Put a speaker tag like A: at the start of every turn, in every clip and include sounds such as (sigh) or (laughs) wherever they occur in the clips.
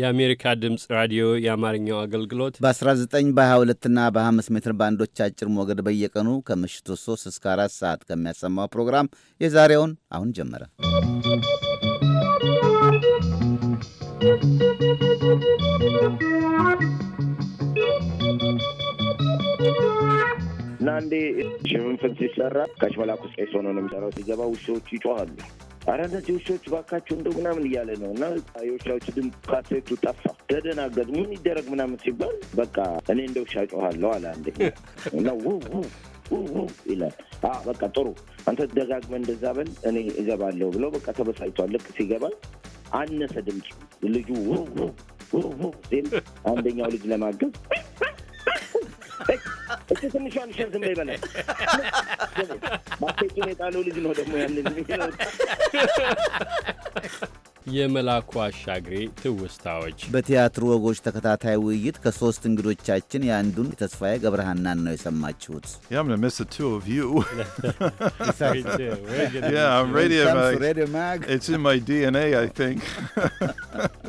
A: የአሜሪካ ድምፅ ራዲዮ የአማርኛው አገልግሎት
B: በ19 በ22 እና በ25 ሜትር ባንዶች አጭር ሞገድ በየቀኑ ከምሽቱ 3 እስከ 4 ሰዓት ከሚያሰማው ፕሮግራም የዛሬውን አሁን ጀመረ።
C: እና እንዴ ሽፍንፍን ሲሰራ ከሽመላኩ መላኩ ቄስ ሆኖ ነው የሚሰራው። ሲገባ ውሾች ይጮኋሉ። አረ እነዚህ ውሾች ባካቸው እንደ ምናምን እያለ ነው እና የውሻዎች ድምፅ ካሴቱ ጠፋ። ተደናገጥ ምን ይደረግ ምናምን ሲባል በቃ እኔ እንደ ውሻ ጮኋለሁ አለ አንዴ እና ውው ይላል በቃ ጥሩ አንተ ደጋግመህ እንደዛ በል እኔ እገባለሁ ብለው በቃ ተበሳጭቷል። ልክ ሲገባ አነሰ ድምፅ ልጁ አንደኛው ልጅ ለማገዝ እሱ ትንሿን ሸርት እንደ ይበላል የጣለው ልጅ ነው ደግሞ
D: ያንን
A: የመላኩ አሻግሬ ትውስታዎች
B: በቲያትሩ ወጎች ተከታታይ ውይይት ከሶስት እንግዶቻችን የአንዱን ተስፋዬ ገብረሃናን
E: ነው የሰማችሁት።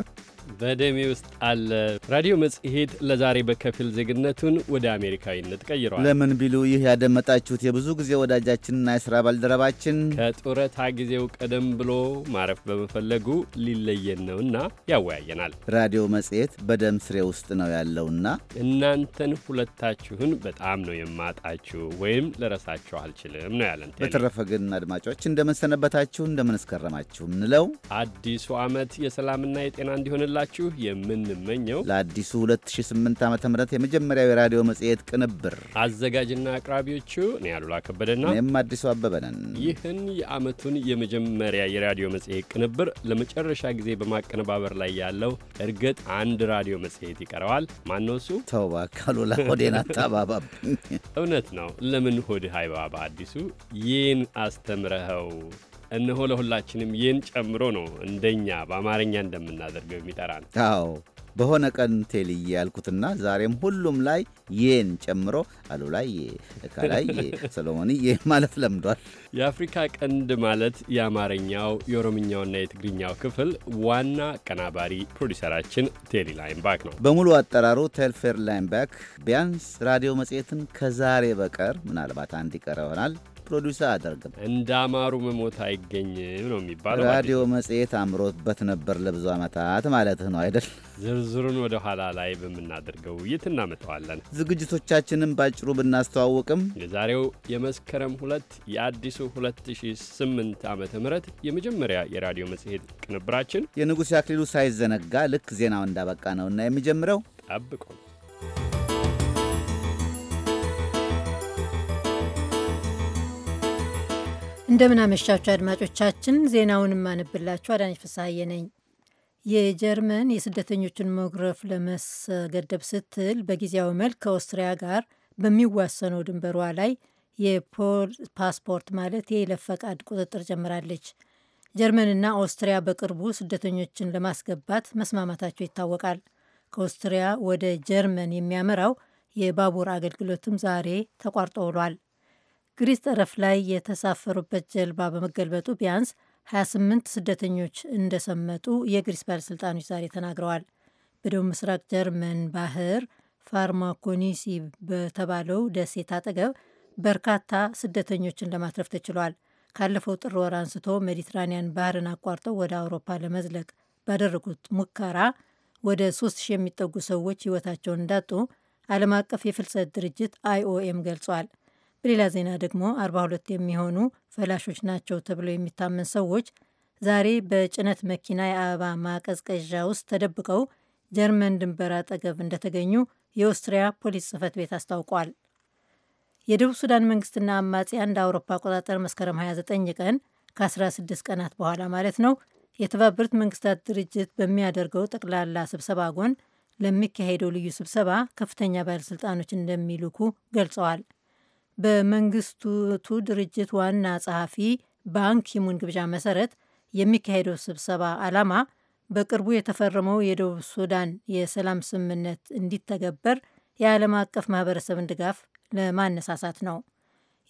E: (laughs)
A: (laughs) በደሜ ውስጥ አለ። ራዲዮ መጽሔት ለዛሬ በከፊል ዜግነቱን ወደ አሜሪካዊነት ቀይረዋል። ለምን
B: ቢሉ ይህ ያደመጣችሁት የብዙ ጊዜ ወዳጃችንና የስራ ባልደረባችን
A: ከጡረታ ጊዜው ቀደም ብሎ ማረፍ በመፈለጉ ሊለየን ነውና ያወያየናል።
B: ራዲዮ መጽሔት በደም ስሬ ውስጥ ነው ያለውና
A: እናንተን ሁለታችሁን በጣም ነው የማጣችሁ ወይም ልረሳችሁ አልችልም ነው ያለን። በተረፈ
B: ግን አድማጮች እንደምንሰነበታችሁ እንደምንስከረማችሁ ምንለው
A: አዲሱ ዓመት የሰላምና የጤና እንዲሆንላ እንዲሆንላችሁ የምንመኘው
B: ለአዲሱ 2008 ዓ ም የመጀመሪያው የራዲዮ መጽሔት ቅንብር
A: አዘጋጅና አቅራቢዎቹ እኔ አሉላ ከበደና እኔም
B: አዲሱ አበበ ነን።
A: ይህን የአመቱን የመጀመሪያ የራዲዮ መጽሔት ቅንብር ለመጨረሻ ጊዜ በማቀነባበር ላይ ያለው እርግጥ አንድ ራዲዮ መጽሔት ይቀረዋል። ማነው እሱ? ተው
B: እባክህ አሉላ ሆዴን አታባባብ።
A: እውነት ነው። ለምን ሆድህ አይባባ አዲሱ ይህን አስተምረኸው እነሆ ለሁላችንም ይህን ጨምሮ ነው እንደኛ በአማርኛ እንደምናደርገው የሚጠራን።
B: አዎ በሆነ ቀን ቴልዬ ያልኩትና ዛሬም ሁሉም ላይ ይህን ጨምሮ አሉ ላይ ከላይ ሰሎሞን ይህ ማለት ለምዷል።
A: የአፍሪካ ቀንድ ማለት የአማርኛው የኦሮምኛውና የትግርኛው ክፍል ዋና አቀናባሪ
B: ፕሮዲሰራችን ቴሊ ላይምባክ ነው። በሙሉ አጠራሩ ቴልፌር ላይምባክ ቢያንስ ራዲዮ መጽሔትን ከዛሬ በቀር ምናልባት አንድ ይቀረ ይሆናል አደርግም እንደ እንዳማሩ
A: መሞት አይገኝም ነው የሚባለው። ራዲዮ
B: መጽሔት አምሮበት ነበር ለብዙ ዓመታት ማለትህ ነው አይደል?
A: ዝርዝሩን ወደ ኋላ ላይ በምናደርገው ውይይት እናመጣዋለን።
B: ዝግጅቶቻችንን ባጭሩ ብናስተዋውቅም
A: የዛሬው የመስከረም ሁለት የአዲሱ 2008 ዓ ም የመጀመሪያ የራዲዮ መጽሔት ቅንብራችን
B: የንጉሥ አክሊሉ ሳይዘነጋ ልክ ዜናው እንዳበቃ ነውና የሚጀምረው ጠብቁ።
F: እንደምን አመሻችሁ አድማጮቻችን። ዜናውን የማነብላችሁ አዳነች ፍስሐዬ ነኝ። የጀርመን የስደተኞችን መጉረፍ ለመሰገደብ ስትል በጊዜያዊ መልክ ከኦስትሪያ ጋር በሚዋሰነው ድንበሯ ላይ የፖል ፓስፖርት ማለት የይለፍ ፈቃድ ቁጥጥር ጀምራለች። ጀርመንና ኦስትሪያ በቅርቡ ስደተኞችን ለማስገባት መስማማታቸው ይታወቃል። ከኦስትሪያ ወደ ጀርመን የሚያመራው የባቡር አገልግሎትም ዛሬ ተቋርጦ ውሏል። ግሪስ ጠረፍ ላይ የተሳፈሩበት ጀልባ በመገልበጡ ቢያንስ 28 ስደተኞች እንደሰመጡ የግሪስ ባለሥልጣኖች ዛሬ ተናግረዋል። በደቡብ ምስራቅ ጀርመን ባህር ፋርማኮኒሲ በተባለው ደሴት አጠገብ በርካታ ስደተኞችን ለማትረፍ ተችሏል። ካለፈው ጥር ወር አንስቶ ሜዲትራኒያን ባህርን አቋርጠው ወደ አውሮፓ ለመዝለቅ ባደረጉት ሙከራ ወደ 3000 የሚጠጉ ሰዎች ሕይወታቸውን እንዳጡ ዓለም አቀፍ የፍልሰት ድርጅት አይኦኤም ገልጿል። በሌላ ዜና ደግሞ 42 የሚሆኑ ፈላሾች ናቸው ተብሎ የሚታመን ሰዎች ዛሬ በጭነት መኪና የአበባ ማቀዝቀዣ ውስጥ ተደብቀው ጀርመን ድንበር አጠገብ እንደተገኙ የኦስትሪያ ፖሊስ ጽህፈት ቤት አስታውቋል። የደቡብ ሱዳን መንግስትና አማጽያን እንደ አውሮፓ አቆጣጠር መስከረም 29 ቀን ከ16 ቀናት በኋላ ማለት ነው የተባበሩት መንግስታት ድርጅት በሚያደርገው ጠቅላላ ስብሰባ ጎን ለሚካሄደው ልዩ ስብሰባ ከፍተኛ ባለሥልጣኖች እንደሚልኩ ገልጸዋል። በመንግስቱ ድርጅት ዋና ጸሐፊ ባንኪሙን ግብዣ መሰረት የሚካሄደው ስብሰባ ዓላማ በቅርቡ የተፈረመው የደቡብ ሱዳን የሰላም ስምምነት እንዲተገበር የዓለም አቀፍ ማህበረሰብን ድጋፍ ለማነሳሳት ነው።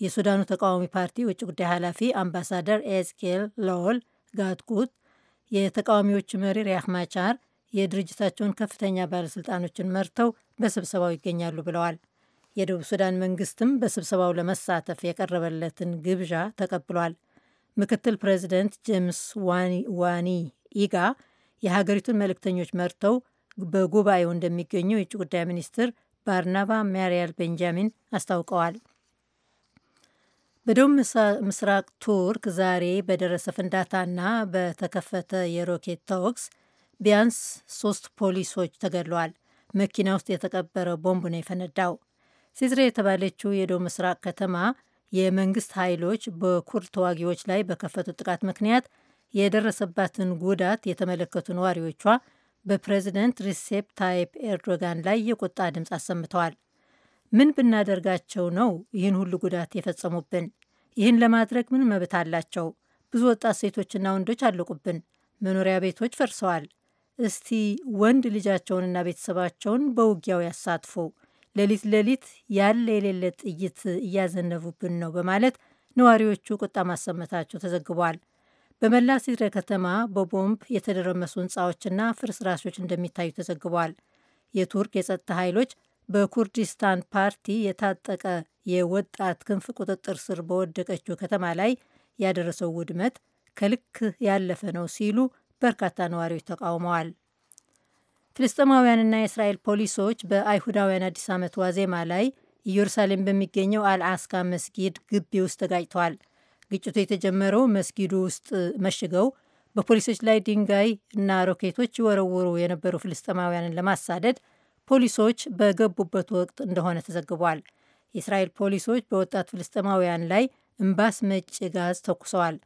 F: የሱዳኑ ተቃዋሚ ፓርቲ ውጭ ጉዳይ ኃላፊ አምባሳደር ኤዝኬል ላወል ጋትኩት የተቃዋሚዎቹ መሪ ሪያክ ማቻር የድርጅታቸውን ከፍተኛ ባለስልጣኖችን መርተው በስብሰባው ይገኛሉ ብለዋል። የደቡብ ሱዳን መንግስትም በስብሰባው ለመሳተፍ የቀረበለትን ግብዣ ተቀብሏል። ምክትል ፕሬዚደንት ጄምስ ዋኒ ኢጋ የሀገሪቱን መልእክተኞች መርተው በጉባኤው እንደሚገኙ የውጭ ጉዳይ ሚኒስትር ባርናባ ማሪያል ቤንጃሚን አስታውቀዋል። በደቡብ ምስራቅ ቱርክ ዛሬ በደረሰ ፍንዳታና በተከፈተ የሮኬት ተኩስ ቢያንስ ሶስት ፖሊሶች ተገድለዋል። መኪና ውስጥ የተቀበረ ቦምብ ነው የፈነዳው። ሲዝሬ የተባለችው የደቡብ ምስራቅ ከተማ የመንግስት ኃይሎች በኩርድ ተዋጊዎች ላይ በከፈቱት ጥቃት ምክንያት የደረሰባትን ጉዳት የተመለከቱ ነዋሪዎቿ በፕሬዚደንት ሪሴፕ ታይፕ ኤርዶጋን ላይ የቁጣ ድምፅ አሰምተዋል። ምን ብናደርጋቸው ነው ይህን ሁሉ ጉዳት የፈጸሙብን? ይህን ለማድረግ ምን መብት አላቸው? ብዙ ወጣት ሴቶችና ወንዶች አለቁብን። መኖሪያ ቤቶች ፈርሰዋል። እስቲ ወንድ ልጃቸውንና ቤተሰባቸውን በውጊያው ያሳትፉ። ሌሊት ሌሊት ያለ የሌለ ጥይት እያዘነቡብን ነው በማለት ነዋሪዎቹ ቁጣ ማሰመታቸው ተዘግቧል። በመላ ሲረ ከተማ በቦምብ የተደረመሱ ህንፃዎችና ፍርስራሾች እንደሚታዩ ተዘግቧል። የቱርክ የጸጥታ ኃይሎች በኩርዲስታን ፓርቲ የታጠቀ የወጣት ክንፍ ቁጥጥር ስር በወደቀችው ከተማ ላይ ያደረሰው ውድመት ከልክ ያለፈ ነው ሲሉ በርካታ ነዋሪዎች ተቃውመዋል። ፍልስጥማውያንና የእስራኤል ፖሊሶች በአይሁዳውያን አዲስ ዓመት ዋዜማ ላይ ኢየሩሳሌም በሚገኘው አልአስካ መስጊድ ግቢ ውስጥ ተጋጭተዋል። ግጭቱ የተጀመረው መስጊዱ ውስጥ መሽገው በፖሊሶች ላይ ድንጋይ እና ሮኬቶች ይወረወሩ የነበሩ ፍልስጥማውያንን ለማሳደድ ፖሊሶች በገቡበት ወቅት እንደሆነ ተዘግቧል። የእስራኤል ፖሊሶች በወጣት ፍልስጥማውያን ላይ እምባስ መጭ ጋዝ ተኩሰዋል።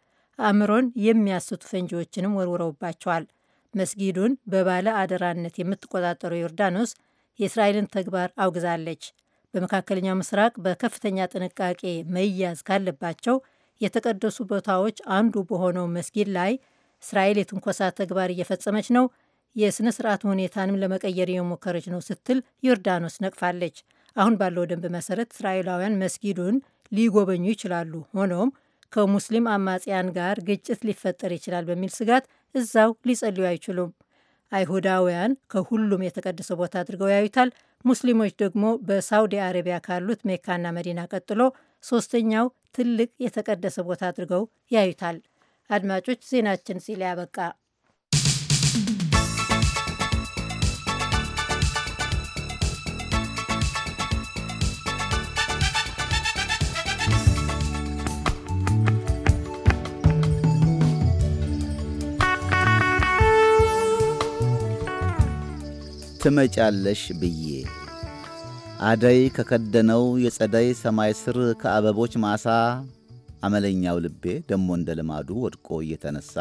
F: አእምሮን የሚያስቱ ፈንጂዎችንም ወርውረውባቸዋል። መስጊዱን በባለ አደራነት የምትቆጣጠረው ዮርዳኖስ የእስራኤልን ተግባር አውግዛለች። በመካከለኛው ምስራቅ በከፍተኛ ጥንቃቄ መያዝ ካለባቸው የተቀደሱ ቦታዎች አንዱ በሆነው መስጊድ ላይ እስራኤል የትንኮሳ ተግባር እየፈጸመች ነው፣ የሥነ ስርዓት ሁኔታንም ለመቀየር የሞከረች ነው ስትል ዮርዳኖስ ነቅፋለች። አሁን ባለው ደንብ መሰረት እስራኤላውያን መስጊዱን ሊጎበኙ ይችላሉ። ሆኖም ከሙስሊም አማጽያን ጋር ግጭት ሊፈጠር ይችላል በሚል ስጋት እዛው ሊጸልዩ አይችሉም። አይሁዳውያን ከሁሉም የተቀደሰ ቦታ አድርገው ያዩታል። ሙስሊሞች ደግሞ በሳውዲ አረቢያ ካሉት ሜካና መዲና ቀጥሎ ሶስተኛው ትልቅ የተቀደሰ ቦታ አድርገው ያዩታል። አድማጮች ዜናችን ሲል ያበቃ
B: ትመጫለሽ ብዬ አደይ ከከደነው የጸደይ ሰማይ ስር ከአበቦች ማሳ አመለኛው ልቤ ደሞ እንደ ልማዱ ወድቆ እየተነሳ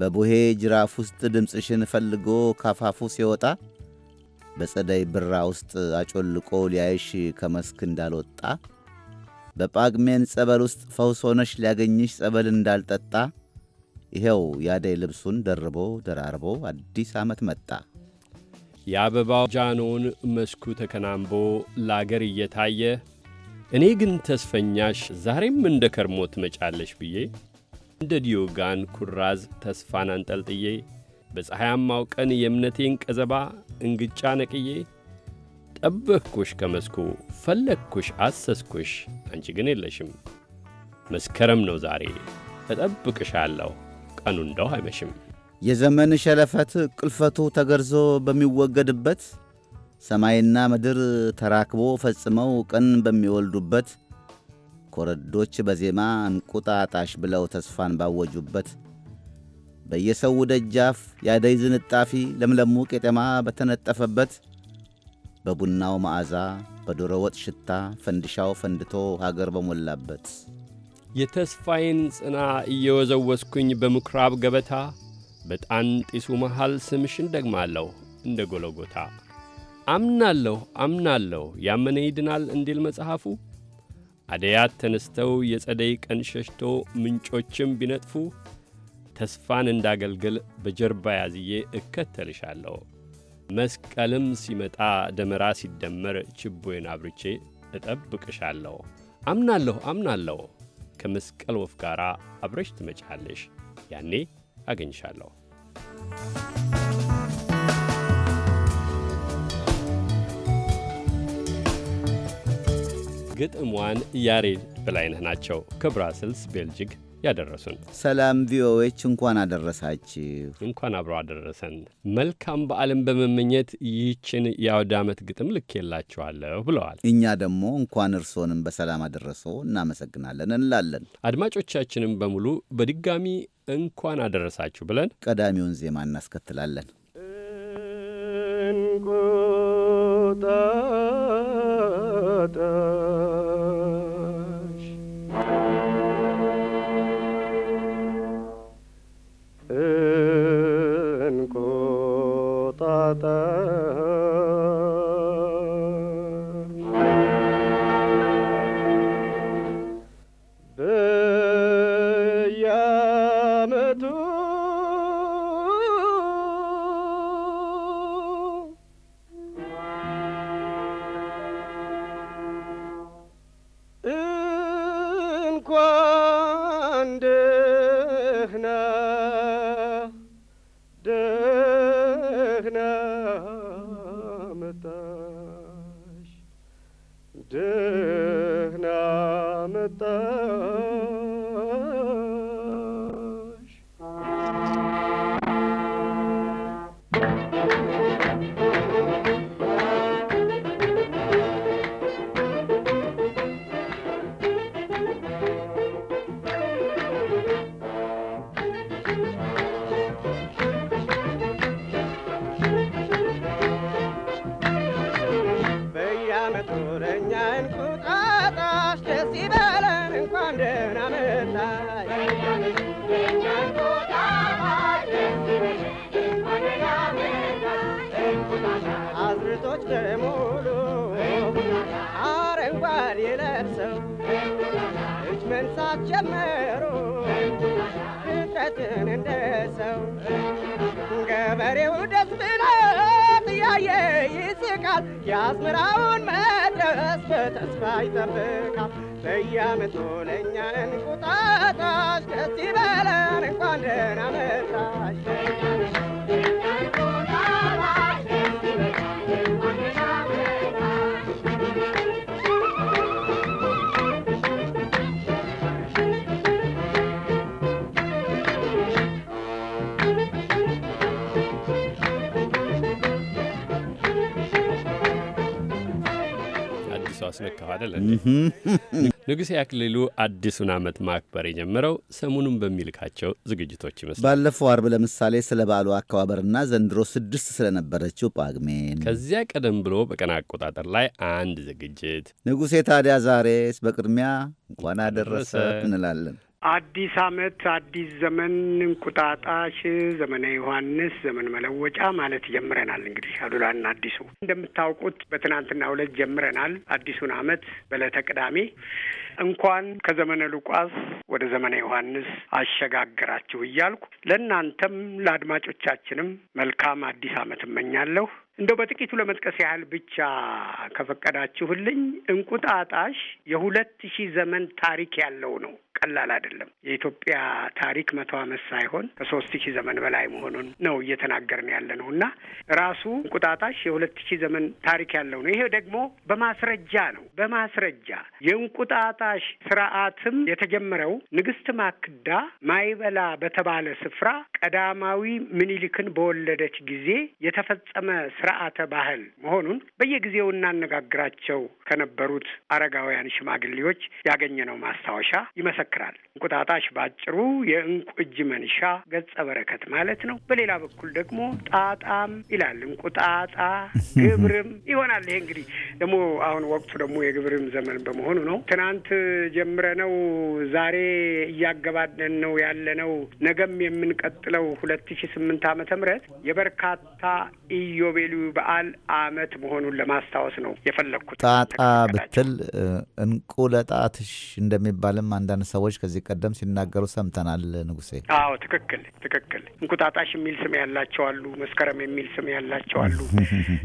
B: በቡሄ ጅራፍ ውስጥ ድምፅሽን ፈልጎ ካፋፉ ሲወጣ በጸደይ ብራ ውስጥ አጮልቆ ሊያይሽ ከመስክ እንዳልወጣ በጳግሜን ጸበል ውስጥ ፈውሶነሽ ሊያገኝሽ ጸበል እንዳልጠጣ ይኸው የአደይ ልብሱን ደርቦ ደራርቦ አዲስ ዓመት መጣ።
A: የአበባው ጃኖን መስኩ ተከናንቦ ላገር እየታየ እኔ ግን ተስፈኛሽ ዛሬም እንደ ከርሞ ትመጫለሽ ብዬ እንደ ዲዮጋን ኩራዝ ተስፋን አንጠልጥዬ በፀሐያማው ቀን የእምነቴን ቀዘባ እንግጫ ነቅዬ ጠበቅኩሽ ከመስኩ ፈለግኩሽ አሰስኩሽ አንቺ ግን የለሽም። መስከረም ነው ዛሬ እጠብቅሻለሁ ቀኑ እንደው አይመሽም።
B: የዘመን ሸለፈት ቅልፈቱ ተገርዞ በሚወገድበት ሰማይና ምድር ተራክቦ ፈጽመው ቀን በሚወልዱበት ኮረዶች በዜማ እንቁጣጣሽ ብለው ተስፋን ባወጁበት በየሰው ደጃፍ ያደይ ዝንጣፊ ለምለሙ ቄጠማ በተነጠፈበት በቡናው መዓዛ በዶሮ ወጥ ሽታ ፈንድሻው ፈንድቶ ሀገር በሞላበት
A: የተስፋዬን ጽና እየወዘወስኩኝ በምኵራብ ገበታ በጣን ጢሱ መሃል ስምሽን ደግማለሁ እንደ ጎለጎታ አምናለሁ አምናለሁ ያመነ ይድናል እንዲል መጽሐፉ አደያት ተነስተው የጸደይ ቀን ሸሽቶ ምንጮችም ቢነጥፉ ተስፋን እንዳገልግል በጀርባ ያዝዬ እከተልሻለሁ። መስቀልም ሲመጣ ደመራ ሲደመር ችቦዬን አብርቼ እጠብቅሻለሁ። አምናለሁ አምናለሁ ከመስቀል ወፍ ጋር አብረሽ ትመጫለሽ ያኔ አገኝሻለሁ። ግጥሟን ያሬድ በላይነህ ናቸው ከብራስልስ ቤልጅግ ያደረሱን።
B: ሰላም ቪኦኤዎች፣ እንኳን አደረሳችሁ። እንኳን አብሮ አደረሰን። መልካም
A: በዓልን በመመኘት ይህችን የአውደ ዓመት ግጥም ልኬላችኋለሁ ብለዋል።
B: እኛ ደግሞ እንኳን እርሶንም በሰላም አደረሶ እናመሰግናለን እንላለን። አድማጮቻችንም በሙሉ በድጋሚ እንኳን አደረሳችሁ ብለን ቀዳሚውን ዜማ እናስከትላለን። እንቁጣጣ
G: da
A: ንጉሴ አክሊሉ አዲሱን ዓመት ማክበር የጀመረው ሰሞኑን በሚልካቸው ዝግጅቶች ይመስላል። ባለፈው
B: አርብ ለምሳሌ ስለ በዓሉ አከባበርና ዘንድሮ ስድስት ስለነበረችው ጳግሜን፣
A: ከዚያ ቀደም ብሎ በቀን አቆጣጠር ላይ አንድ ዝግጅት።
B: ንጉሴ ታዲያ ዛሬስ በቅድሚያ እንኳን አደረሰ እንላለን።
H: አዲስ ዓመት፣ አዲስ ዘመን፣ እንቁጣጣሽ፣ ዘመነ ዮሐንስ፣ ዘመን መለወጫ ማለት ጀምረናል። እንግዲህ አሉላና አዲሱ እንደምታውቁት በትናንትና ሁለት ጀምረናል አዲሱን ዓመት በዕለተ ቅዳሜ እንኳን ከዘመነ ሉቃስ ወደ ዘመነ ዮሐንስ አሸጋግራችሁ እያልኩ ለእናንተም ለአድማጮቻችንም መልካም አዲስ ዓመት እመኛለሁ። እንደው በጥቂቱ ለመጥቀስ ያህል ብቻ ከፈቀዳችሁልኝ እንቁጣጣሽ የሁለት ሺህ ዘመን ታሪክ ያለው ነው። ቀላል አይደለም። የኢትዮጵያ ታሪክ መቶ ዓመት ሳይሆን ከሶስት ሺህ ዘመን በላይ መሆኑን ነው እየተናገርን ያለ ነው እና ራሱ እንቁጣጣሽ የሁለት ሺህ ዘመን ታሪክ ያለው ነው። ይሄ ደግሞ በማስረጃ ነው። በማስረጃ የእንቁጣጣሽ ስርዓትም የተጀመረው ንግስት ማክዳ ማይበላ በተባለ ስፍራ ቀዳማዊ ምኒልክን በወለደች ጊዜ የተፈጸመ ስርዓተ ባህል መሆኑን በየጊዜው እናነጋግራቸው ከነበሩት አረጋውያን ሽማግሌዎች ያገኘነው ማስታወሻ ይመሰ ይመሰክራል። እንቁጣጣሽ ባጭሩ የእንቁ እጅ መንሻ ገጸ በረከት ማለት ነው። በሌላ በኩል ደግሞ ጣጣም ይላል እንቁጣጣ ግብርም ይሆናል። ይሄ እንግዲህ ደግሞ አሁን ወቅቱ ደግሞ የግብርም ዘመን በመሆኑ ነው። ትናንት ጀምረነው ዛሬ እያገባደን ነው ያለነው ነገም የምንቀጥለው ሁለት ሺ ስምንት ዓመተ ምህረት የበርካታ ኢዮቤልዩ በዓል አመት መሆኑን ለማስታወስ ነው የፈለግኩት። ጣጣ
B: ብትል ለጣትሽ እንደሚባልም አንዳንድ ሰዎች ከዚህ ቀደም ሲናገሩ ሰምተናል። ንጉሴ
H: አዎ፣ ትክክል ትክክል። እንቁጣጣሽ የሚል ስም ያላቸው አሉ፣ መስከረም የሚል ስም ያላቸው አሉ።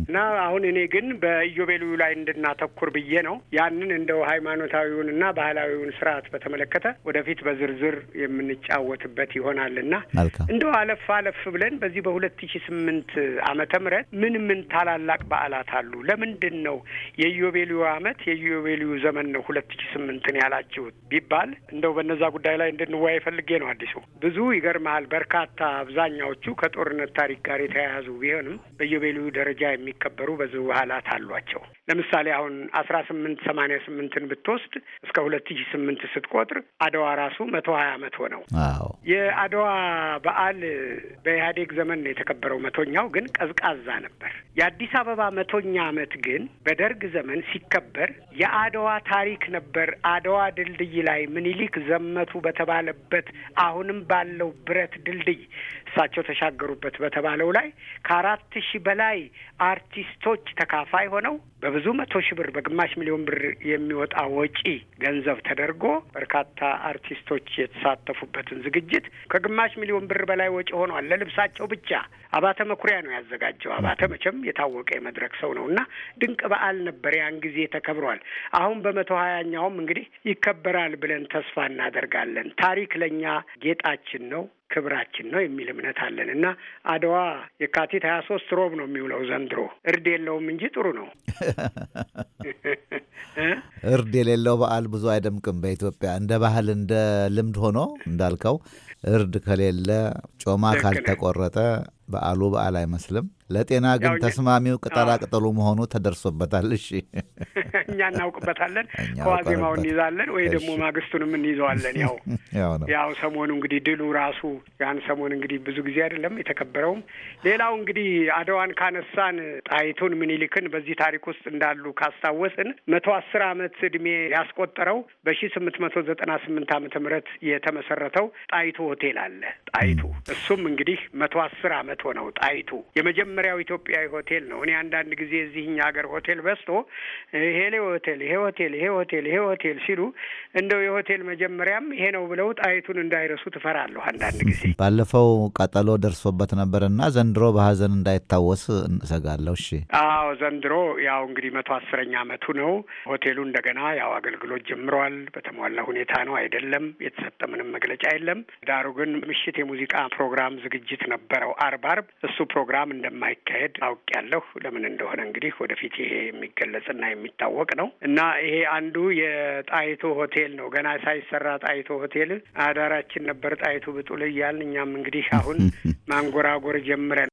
H: እና አሁን እኔ ግን በኢዮቤልዩ ላይ እንድናተኩር ብዬ ነው። ያንን እንደው ሃይማኖታዊውን እና ባህላዊውን ስርዓት በተመለከተ ወደፊት በዝርዝር የምንጫወትበት ይሆናል እና እንደው አለፍ አለፍ ብለን በዚህ በሁለት ሺ ስምንት አመተ ምህረት ምን ምን ታላላቅ በዓላት አሉ? ለምንድን ነው የኢዮቤልዩ ዓመት የኢዮቤልዩ ዘመን ነው ሁለት ሺ ስምንትን ያላችሁት ቢባል እንደው በነዛ ጉዳይ ላይ እንድንወያይ ፈልጌ ነው። አዲሱ ብዙ ይገርመሃል፣ በርካታ አብዛኛዎቹ ከጦርነት ታሪክ ጋር የተያያዙ ቢሆንም በየቤሉ ደረጃ የሚከበሩ ብዙ ባህላት አሏቸው። ለምሳሌ አሁን አስራ ስምንት ሰማንያ ስምንትን ብትወስድ እስከ ሁለት ሺ ስምንት ስትቆጥር አድዋ ራሱ መቶ ሀያ አመት ሆነው። የአድዋ በዓል በኢህአዴግ ዘመን ነው የተከበረው። መቶኛው ግን ቀዝቃዛ ነበር። የአዲስ አበባ መቶኛ አመት ግን በደርግ ዘመን ሲከበር የአድዋ ታሪክ ነበር። አድዋ ድልድይ ላይ ይል ምኒልክ ዘመቱ በተባለበት አሁንም ባለው ብረት ድልድይ እሳቸው ተሻገሩበት በተባለው ላይ ከአራት ሺህ በላይ አርቲስቶች ተካፋይ ሆነው በብዙ መቶ ሺህ ብር በግማሽ ሚሊዮን ብር የሚወጣ ወጪ ገንዘብ ተደርጎ በርካታ አርቲስቶች የተሳተፉበትን ዝግጅት ከግማሽ ሚሊዮን ብር በላይ ወጪ ሆኗል። ለልብሳቸው ብቻ አባተ መኩሪያ ነው ያዘጋጀው። አባተ መቼም የታወቀ የመድረክ ሰው ነው እና ድንቅ በዓል ነበር። ያን ጊዜ ተከብሯል። አሁን በመቶ ሀያኛውም እንግዲህ ይከበራል ብለን ተስፋ እናደርጋለን። ታሪክ ለእኛ ጌጣችን ነው። ክብራችን ነው የሚል እምነት አለን እና አድዋ የካቲት ሀያ ሶስት ሮብ ነው የሚውለው ዘንድሮ። እርድ የለውም እንጂ ጥሩ ነው። (laughs)
B: እርድ የሌለው በዓል ብዙ አይደምቅም በኢትዮጵያ እንደ ባህል እንደ ልምድ ሆኖ እንዳልከው እርድ ከሌለ ጮማ ካልተቆረጠ በዓሉ በዓል አይመስልም። ለጤና ግን ተስማሚው ቅጠላቅጠሉ መሆኑ ተደርሶበታል። እሺ (laughs)
H: እኛ እናውቅበታለን። ከዋዜማው እንይዛለን ወይ ደግሞ ማግስቱንም እንይዘዋለን። ያው
B: (laughs)
H: ያው ሰሞኑ እንግዲህ ድሉ ራሱ ያን ሰሞን እንግዲህ ብዙ ጊዜ አይደለም የተከበረውም። ሌላው እንግዲህ አድዋን ካነሳን ጣይቱን ምኒልክን በዚህ ታሪክ ውስጥ እንዳሉ ካስታወስን መቶ አስር ዓመት እድሜ ያስቆጠረው በሺ ስምንት መቶ ዘጠና ስምንት ዓመተ ምህረት የተመሰረተው ጣይቱ ሆቴል አለ። ጣይቱ እሱም እንግዲህ መቶ አስር አመት ሸለቆ ነው ጣይቱ። የመጀመሪያው ኢትዮጵያዊ ሆቴል ነው። እኔ አንዳንድ ጊዜ እዚህኛ ሀገር ሆቴል በስቶ ሄሌ ሆቴል ይሄ ሆቴል ይሄ ሆቴል ይሄ ሆቴል ሲሉ እንደው የሆቴል መጀመሪያም ይሄ ነው ብለው ጣይቱን እንዳይረሱ ትፈራለሁ አንዳንድ ጊዜ።
B: ባለፈው ቀጠሎ ደርሶበት ነበርና ዘንድሮ በሀዘን እንዳይታወስ እንሰጋለሁ። እሺ፣
H: አዎ ዘንድሮ ያው እንግዲህ መቶ አስረኛ አመቱ ነው ሆቴሉ። እንደገና ያው አገልግሎት ጀምረዋል። በተሟላ ሁኔታ ነው አይደለም፣ የተሰጠ ምንም መግለጫ የለም። ዳሩ ግን ምሽት የሙዚቃ ፕሮግራም ዝግጅት ነበረው አርባ አርብ እሱ ፕሮግራም እንደማይካሄድ አውቄያለሁ። ለምን እንደሆነ እንግዲህ ወደፊት ይሄ የሚገለጽና የሚታወቅ ነው እና ይሄ አንዱ የጣይቱ ሆቴል ነው። ገና ሳይሰራ ጣይቱ ሆቴል አዳራችን ነበር። ጣይቱ ብጡል እያልን እኛም እንግዲህ አሁን (laughs) ማንጎራጎር ጀምረን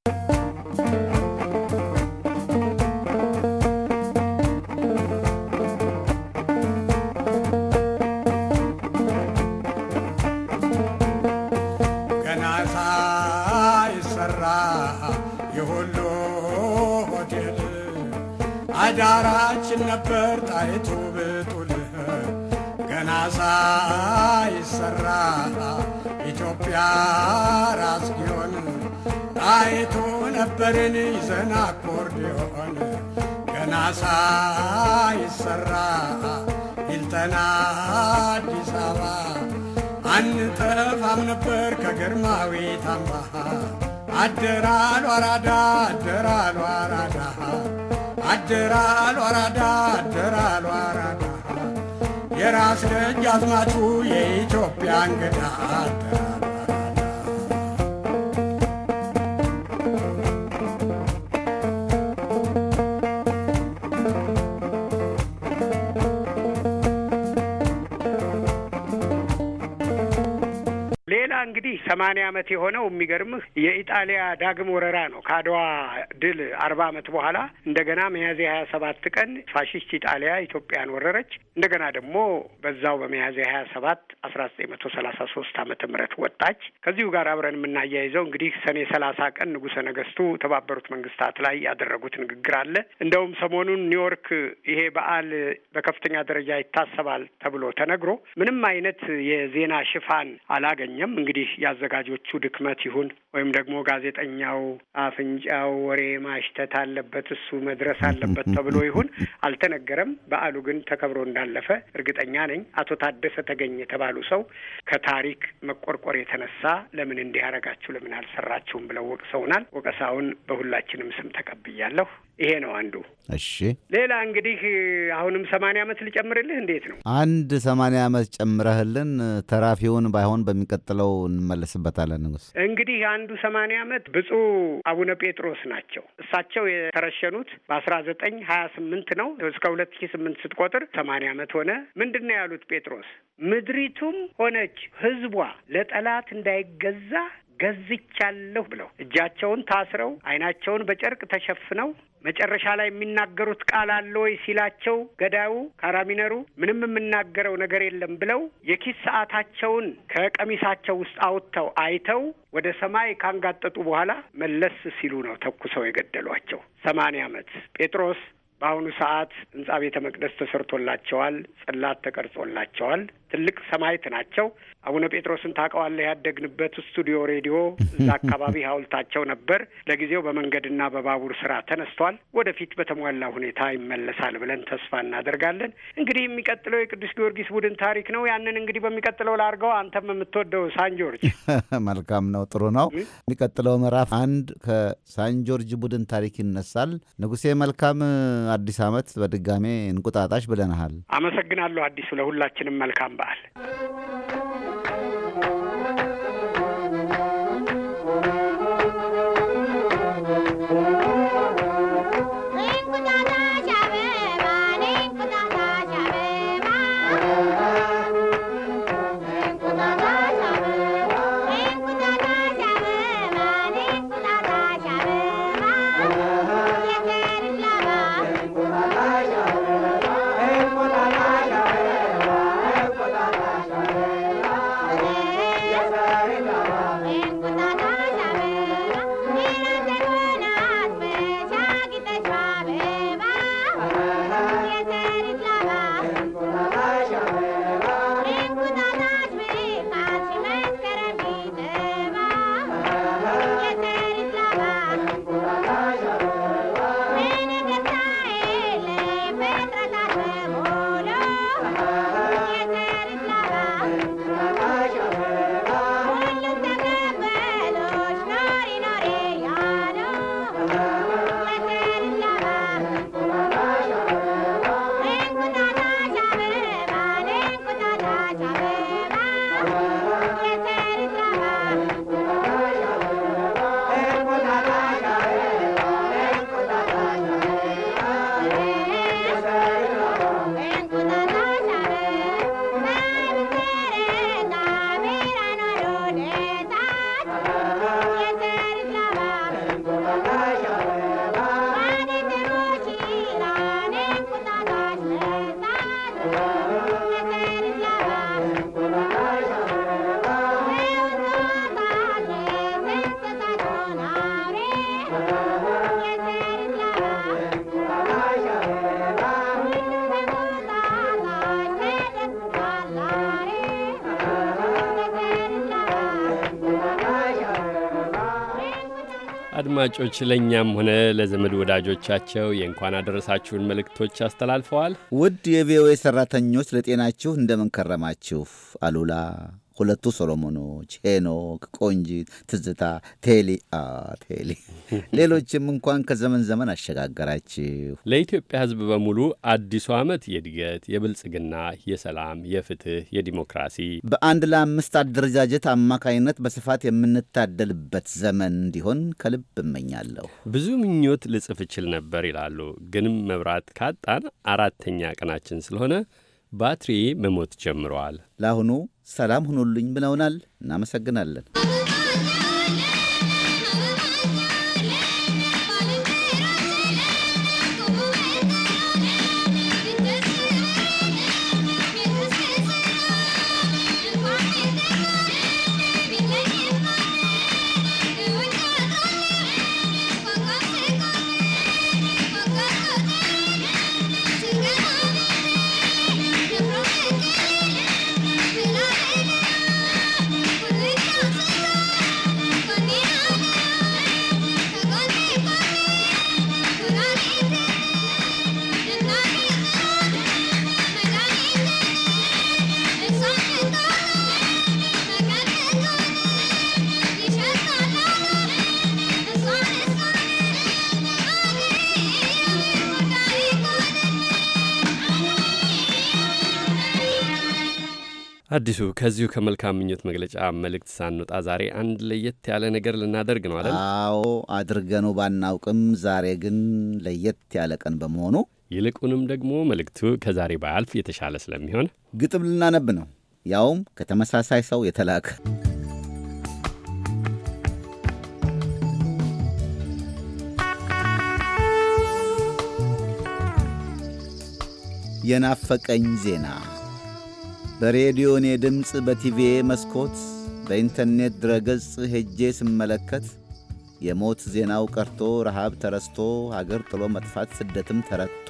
H: ራስ ጊዮን አይቶ ነበርን ይዘን አኮርዲዮን ገና ሳይሰራ ይልጠና አዲስ አበባ አንጠፋም ነበር ከግርማዊት አምባሃ አደራሉ አራዳ አደራሉ አራዳ አደራሉ አራዳ አደራሉ አራዳ የራስ ደጃዝማቹ የኢትዮጵያ እንግዳ ሰማንያ ዓመት የሆነው የሚገርምህ የኢጣሊያ ዳግም ወረራ ነው። ከአድዋ ድል አርባ ዓመት በኋላ እንደገና ሚያዝያ ሀያ ሰባት ቀን ፋሽስት ኢጣሊያ ኢትዮጵያን ወረረች። እንደገና ደግሞ በዛው በሚያዝያ ሀያ ሰባት አስራ ዘጠኝ መቶ ሰላሳ ሶስት ዓመተ ምህረት ወጣች። ከዚሁ ጋር አብረን የምናያይዘው እንግዲህ ሰኔ ሰላሳ ቀን ንጉሰ ነገስቱ የተባበሩት መንግስታት ላይ ያደረጉት ንግግር አለ። እንደውም ሰሞኑን ኒውዮርክ ይሄ በዓል በከፍተኛ ደረጃ ይታሰባል ተብሎ ተነግሮ ምንም አይነት የዜና ሽፋን አላገኘም። እንግዲህ ያዘ አዘጋጆቹ ድክመት ይሁን ወይም ደግሞ ጋዜጠኛው አፍንጫው ወሬ ማሽተት አለበት እሱ መድረስ አለበት ተብሎ ይሁን አልተነገረም። በዓሉ ግን ተከብሮ እንዳለፈ እርግጠኛ ነኝ። አቶ ታደሰ ተገኘ የተባሉ ሰው ከታሪክ መቆርቆር የተነሳ ለምን እንዲህ ያረጋችሁ ለምን አልሰራችሁም ብለው ወቅሰውናል። ወቀሳውን በሁላችንም ስም ተቀብያለሁ። ይሄ ነው አንዱ። እሺ ሌላ እንግዲህ አሁንም ሰማንያ ዓመት ልጨምርልህ እንዴት ነው?
B: አንድ ሰማንያ ዓመት ጨምረህልን ተራፊውን ባይሆን በሚቀጥለው እንመለስበታለን። ንጉስ
H: እንግዲህ አንዱ ሰማንያ ዓመት ብፁዕ አቡነ ጴጥሮስ ናቸው። እሳቸው የተረሸኑት በአስራ ዘጠኝ ሀያ ስምንት ነው። እስከ ሁለት ሺ ስምንት ስትቆጥር ሰማንያ ዓመት ሆነ። ምንድን ነው ያሉት ጴጥሮስ ምድሪቱም ሆነች ህዝቧ ለጠላት እንዳይገዛ ገዝቻለሁ ብለው እጃቸውን ታስረው አይናቸውን በጨርቅ ተሸፍነው መጨረሻ ላይ የሚናገሩት ቃል አለ ወይ ሲላቸው ገዳዩ ካራሚነሩ ምንም የምናገረው ነገር የለም ብለው የኪስ ሰዓታቸውን ከቀሚሳቸው ውስጥ አውጥተው አይተው ወደ ሰማይ ካንጋጠጡ በኋላ መለስ ሲሉ ነው ተኩሰው የገደሏቸው። ሰማንያ ዓመት ጴጥሮስ በአሁኑ ሰዓት ህንጻ ቤተ መቅደስ ተሰርቶላቸዋል። ጽላት ተቀርጾላቸዋል። ትልቅ ሰማዕት ናቸው። አቡነ ጴጥሮስን ታውቀዋለህ? ያደግንበት ስቱዲዮ ሬዲዮ (laughs) እዛ አካባቢ ሀውልታቸው ነበር። ለጊዜው በመንገድና በባቡር ስራ ተነስቷል። ወደፊት በተሟላ ሁኔታ ይመለሳል ብለን ተስፋ እናደርጋለን። እንግዲህ የሚቀጥለው የቅዱስ ጊዮርጊስ ቡድን ታሪክ ነው። ያንን እንግዲህ በሚቀጥለው ላርገው፣ አንተም የምትወደው ጆርጅ።
B: (laughs) መልካም ነው። ጥሩ ነው። የሚቀጥለው ምዕራፍ አንድ ከሳንጆርጅ ቡድን ታሪክ ይነሳል። ንጉሴ መልካም አዲስ ዓመት በድጋሜ እንቁጣጣሽ ብለናሃል።
H: አመሰግናለሁ አዲሱ። ለሁላችንም መልካም Vale.
A: አድማጮች ለእኛም ሆነ ለዘመድ ወዳጆቻቸው የእንኳን አደረሳችሁን መልእክቶች አስተላልፈዋል።
B: ውድ የቪኦኤ ሠራተኞች ለጤናችሁ እንደምን ከረማችሁ? አሉላ ሁለቱ ሶሎሞኖች፣ ሄኖክ፣ ቆንጂት፣ ትዝታ፣ ቴሊ ቴሊ፣ (laughs) ሌሎችም እንኳን ከዘመን ዘመን አሸጋገራችሁ።
A: ለኢትዮጵያ ሕዝብ በሙሉ አዲሱ ዓመት የእድገት፣ የብልጽግና፣ የሰላም፣ የፍትህ፣ የዲሞክራሲ በአንድ
B: ለአምስት አደረጃጀት አማካይነት በስፋት የምንታደልበት ዘመን እንዲሆን ከልብ እመኛለሁ። ብዙ ምኞት ልጽፍ
A: እችል ነበር ይላሉ። ግንም መብራት ካጣን አራተኛ ቀናችን ስለሆነ
B: ባትሪ መሞት ጀምረዋል። ለአሁኑ ሰላም ሁኑልኝ ብለውናል። እናመሰግናለን።
A: አዲሱ ከዚሁ ከመልካም ምኞት መግለጫ መልእክት ሳንወጣ ዛሬ አንድ ለየት ያለ ነገር ልናደርግ ነው አለ።
B: አዎ አድርገኑ ባናውቅም ዛሬ ግን ለየት ያለ ቀን በመሆኑ ይልቁንም ደግሞ መልእክቱ ከዛሬ በአልፍ የተሻለ ስለሚሆን ግጥም ልናነብ ነው። ያውም ከተመሳሳይ ሰው የተላከ የናፈቀኝ ዜና በሬዲዮ እኔ ድምፅ በቲቪዬ መስኮት በኢንተርኔት ድረገጽ ሄጄ ስመለከት የሞት ዜናው ቀርቶ ረሃብ ተረስቶ አገር ጥሎ መጥፋት ስደትም ተረትቶ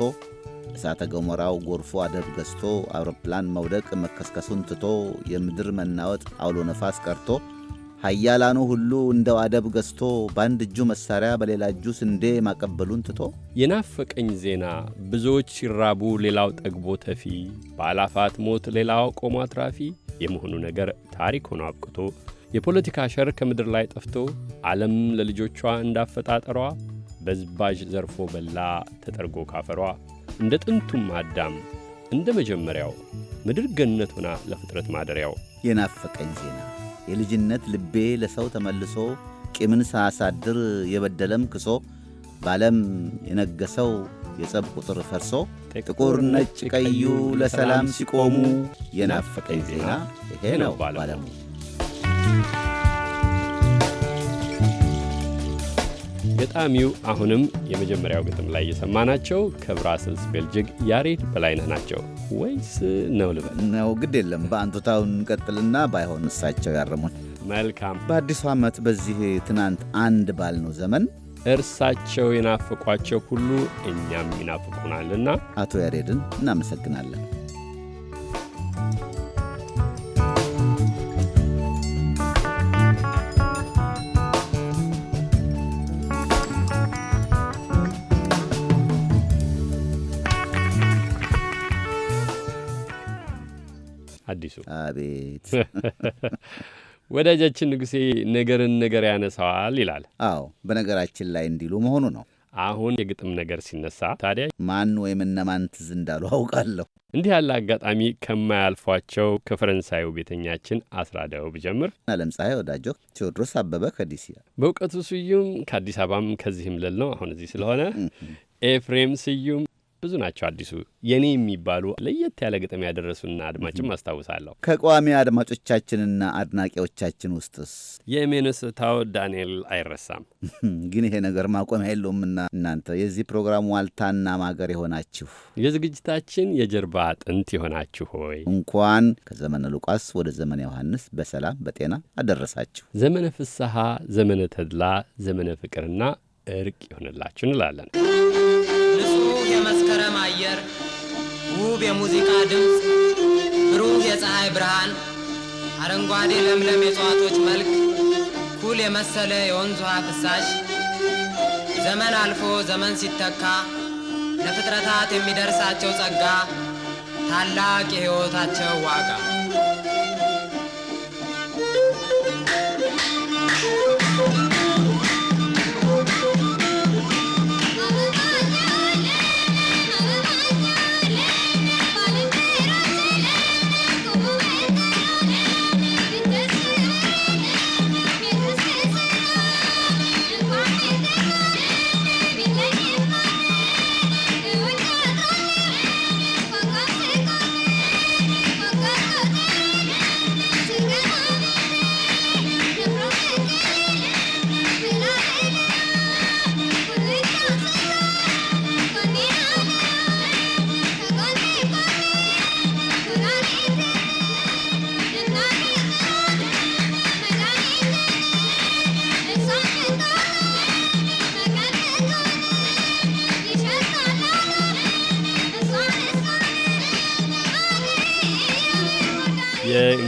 B: እሳተ ገሞራው ጎርፎ አደብ ገዝቶ አውሮፕላን መውደቅ መከስከሱን ትቶ የምድር መናወጥ አውሎ ነፋስ ቀርቶ ሀያላኑ ሁሉ እንደ አደብ ገዝቶ በአንድ እጁ መሳሪያ በሌላ እጁ ስንዴ ማቀበሉን ትቶ
A: የናፈቀኝ ዜና ብዙዎች ሲራቡ ሌላው ጠግቦ ተፊ፣ በአላፋት ሞት ሌላው ቆሞ አትራፊ የመሆኑ ነገር ታሪክ ሆኖ አብቅቶ የፖለቲካ ሸር ከምድር ላይ ጠፍቶ ዓለም ለልጆቿ እንዳፈጣጠሯ በዝባዥ ዘርፎ በላ ተጠርጎ ካፈሯ እንደ ጥንቱም አዳም እንደ መጀመሪያው
B: ምድር ገነት ሆና ለፍጥረት ማደሪያው የናፈቀኝ ዜና የልጅነት ልቤ ለሰው ተመልሶ ቂምን ሳያሳድር የበደለም ክሶ ባለም የነገሰው የጸብ ቁጥር ፈርሶ ጥቁር ነጭ ቀዩ ለሰላም ሲቆሙ የናፈቀኝ ዜና ይሄ ነው ባለሙ
A: ገጣሚው አሁንም የመጀመሪያው ግጥም ላይ ናቸው። ከብራስልስ ቤልጅግ ያሬድ በላይነህ ናቸው ወይስ
B: ነው ልበል? ነው ግድ የለም በአንቱታውን እንቀጥልና ባይሆን እሳቸው ያረሙን። መልካም በአዲሱ ዓመት በዚህ ትናንት አንድ ባልነው ዘመን
A: እርሳቸው የናፈቋቸው ሁሉ እኛም ይናፍቁናልና
B: አቶ ያሬድን እናመሰግናለን።
A: አዲሱ አቤት (laughs) ወዳጃችን ንጉሴ ነገርን ነገር ያነሳዋል ይላል።
B: አዎ በነገራችን ላይ እንዲሉ መሆኑ ነው። አሁን
A: የግጥም ነገር ሲነሳ ታዲያ ማን ወይም
B: እነማን ትዝ እንዳሉ አውቃለሁ።
A: እንዲህ ያለ አጋጣሚ ከማያልፏቸው ከፈረንሳዩ ቤተኛችን አስራደው ብጀምር፣ አለምፀሐይ ወዳጆ፣
B: ቴዎድሮስ አበበ ከዲሲ፣
A: በእውቀቱ ስዩም ከአዲስ አበባም ከዚህም ልል ነው አሁን እዚህ ስለሆነ ኤፍሬም ስዩም ብዙ ናቸው። አዲሱ የኔ የሚባሉ ለየት ያለ ግጥም ያደረሱና አድማጭም አስታውሳለሁ።
B: ከቋሚ አድማጮቻችንና አድናቂዎቻችን ውስጥስ
A: የሜኔሶታው ዳንኤል አይረሳም።
B: (laughs) ግን ይሄ ነገር ማቆሚያ የለውምና እናንተ የዚህ ፕሮግራም ዋልታና ማገር የሆናችሁ የዝግጅታችን የጀርባ አጥንት የሆናችሁ ሆይ እንኳን ከዘመነ ሉቃስ ወደ ዘመነ ዮሐንስ በሰላም በጤና አደረሳችሁ።
A: ዘመነ ፍስሐ፣ ዘመነ ተድላ፣ ዘመነ ፍቅርና እርቅ ይሆንላችሁ እንላለን።
F: ብሩህ የመስከረም አየር፣ ውብ የሙዚቃ ድምፅ፣ ብሩህ የፀሐይ ብርሃን፣ አረንጓዴ ለምለም የእጽዋቶች መልክ፣ ኩል የመሰለ የወንዝ ውሃ ፍሳሽ፣ ዘመን አልፎ ዘመን ሲተካ ለፍጥረታት የሚደርሳቸው ጸጋ ታላቅ የሕይወታቸው ዋጋ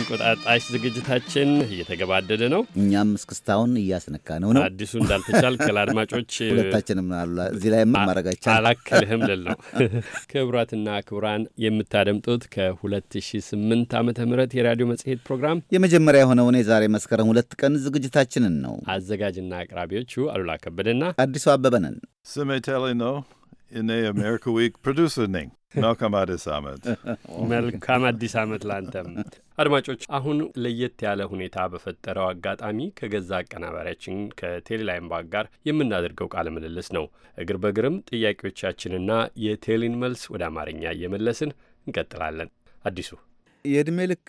A: ተቆጣጣሽ ዝግጅታችን እየተገባደደ ነው።
B: እኛም እስክስታውን እያስነካ ነው ነው አዲሱ እንዳልተቻል ከለአድማጮች (laughs) ሁለታችንም አሉላ እዚህ ላይ
A: ማረጋቻል አላከልህም ልል ነው። (laughs) (laughs) ክቡራትና ክቡራን የምታደምጡት
B: ከ2008
A: ዓ ም የራዲዮ መጽሔት ፕሮግራም
B: የመጀመሪያ የሆነውን የዛሬ መስከረም ሁለት ቀን
E: ዝግጅታችንን ነው። አዘጋጅና አቅራቢዎቹ አሉላ ከበደና አዲሱ አበበ ነን። ስሜ ቴሌ ነው። እኔ የአሜሪካ ዊክ ፕሮዲውሰር ነኝ። (laughs) መልካም አዲስ ዓመት። መልካም
A: አዲስ ዓመት ላንተም። አድማጮች አሁን ለየት ያለ ሁኔታ በፈጠረው አጋጣሚ ከገዛ አቀናባሪያችን ከቴሌላይምባግ ጋር የምናደርገው ቃለ ምልልስ ነው። እግር በእግርም ጥያቄዎቻችንና የቴሌን መልስ ወደ አማርኛ እየመለስን እንቀጥላለን።
B: አዲሱ የዕድሜ ልክ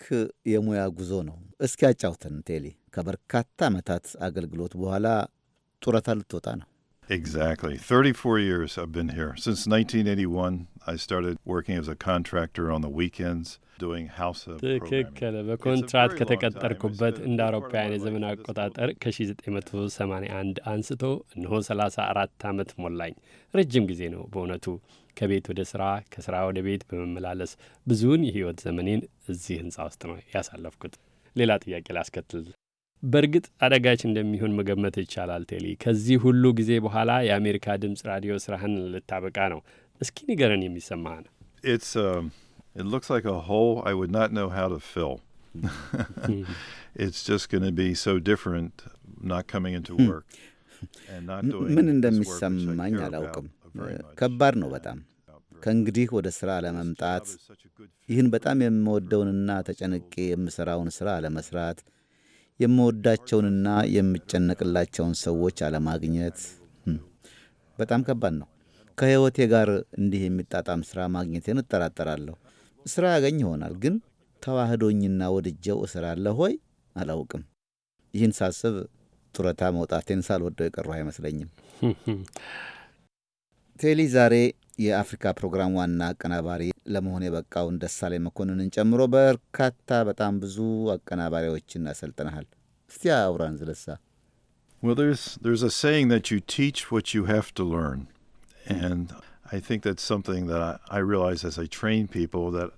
B: የሙያ ጉዞ ነው። እስኪ ያጫውተን ቴሌ። ከበርካታ
E: ዓመታት አገልግሎት በኋላ ጡረታ ልትወጣ ነው። Exactly. 34 years I've been here. Since 1981, I started working as a contractor on the weekends. ትክክል በኮንትራት
A: ከተቀጠርኩበት እንደ አውሮፓውያን የዘመን አቆጣጠር ከ1981 አንስቶ እነሆ 34 ዓመት ሞላኝ። ረጅም ጊዜ ነው በእውነቱ። ከቤት ወደ ስራ፣ ከስራ ወደ ቤት በመመላለስ ብዙውን የህይወት ዘመኔን እዚህ ህንጻ ውስጥ ነው ያሳለፍኩት። ሌላ ጥያቄ ላስከትል። በእርግጥ አደጋች እንደሚሆን መገመት ይቻላል። ቴሊ፣ ከዚህ ሁሉ ጊዜ በኋላ የአሜሪካ ድምፅ ራዲዮ ስራህን
E: ልታበቃ ነው። እስኪ ንገረን የሚሰማህን። ምን እንደሚሰማኝ አላውቅም።
B: ከባድ ነው በጣም ከእንግዲህ ወደ ሥራ ለመምጣት ይህን በጣም የምወደውንና ተጨንቄ የምሠራውን ሥራ ለመስራት የምወዳቸውንና የምጨነቅላቸውን ሰዎች አለማግኘት በጣም ከባድ ነው። ከሕይወቴ ጋር እንዲህ የሚጣጣም ሥራ ማግኘቴን እጠራጠራለሁ። ሥራ ያገኝ ይሆናል ግን ተዋህዶኝና ወድጀው እሰራለሁ ሆይ አላውቅም። ይህን ሳስብ ጡረታ መውጣቴን ሳልወደው የቀረሁ አይመስለኝም። ቴሊ ዛሬ የአፍሪካ ፕሮግራም ዋና አቀናባሪ ለመሆን የበቃውን ደሳለኝ መኮንንን ጨምሮ በርካታ በጣም ብዙ አቀናባሪዎችን አሰልጥነሃል። እስቲ አውራን ዝለሳ።
E: Well, there's there's a saying that you teach what you have to learn, and I think that's something that I, I realize as I train people that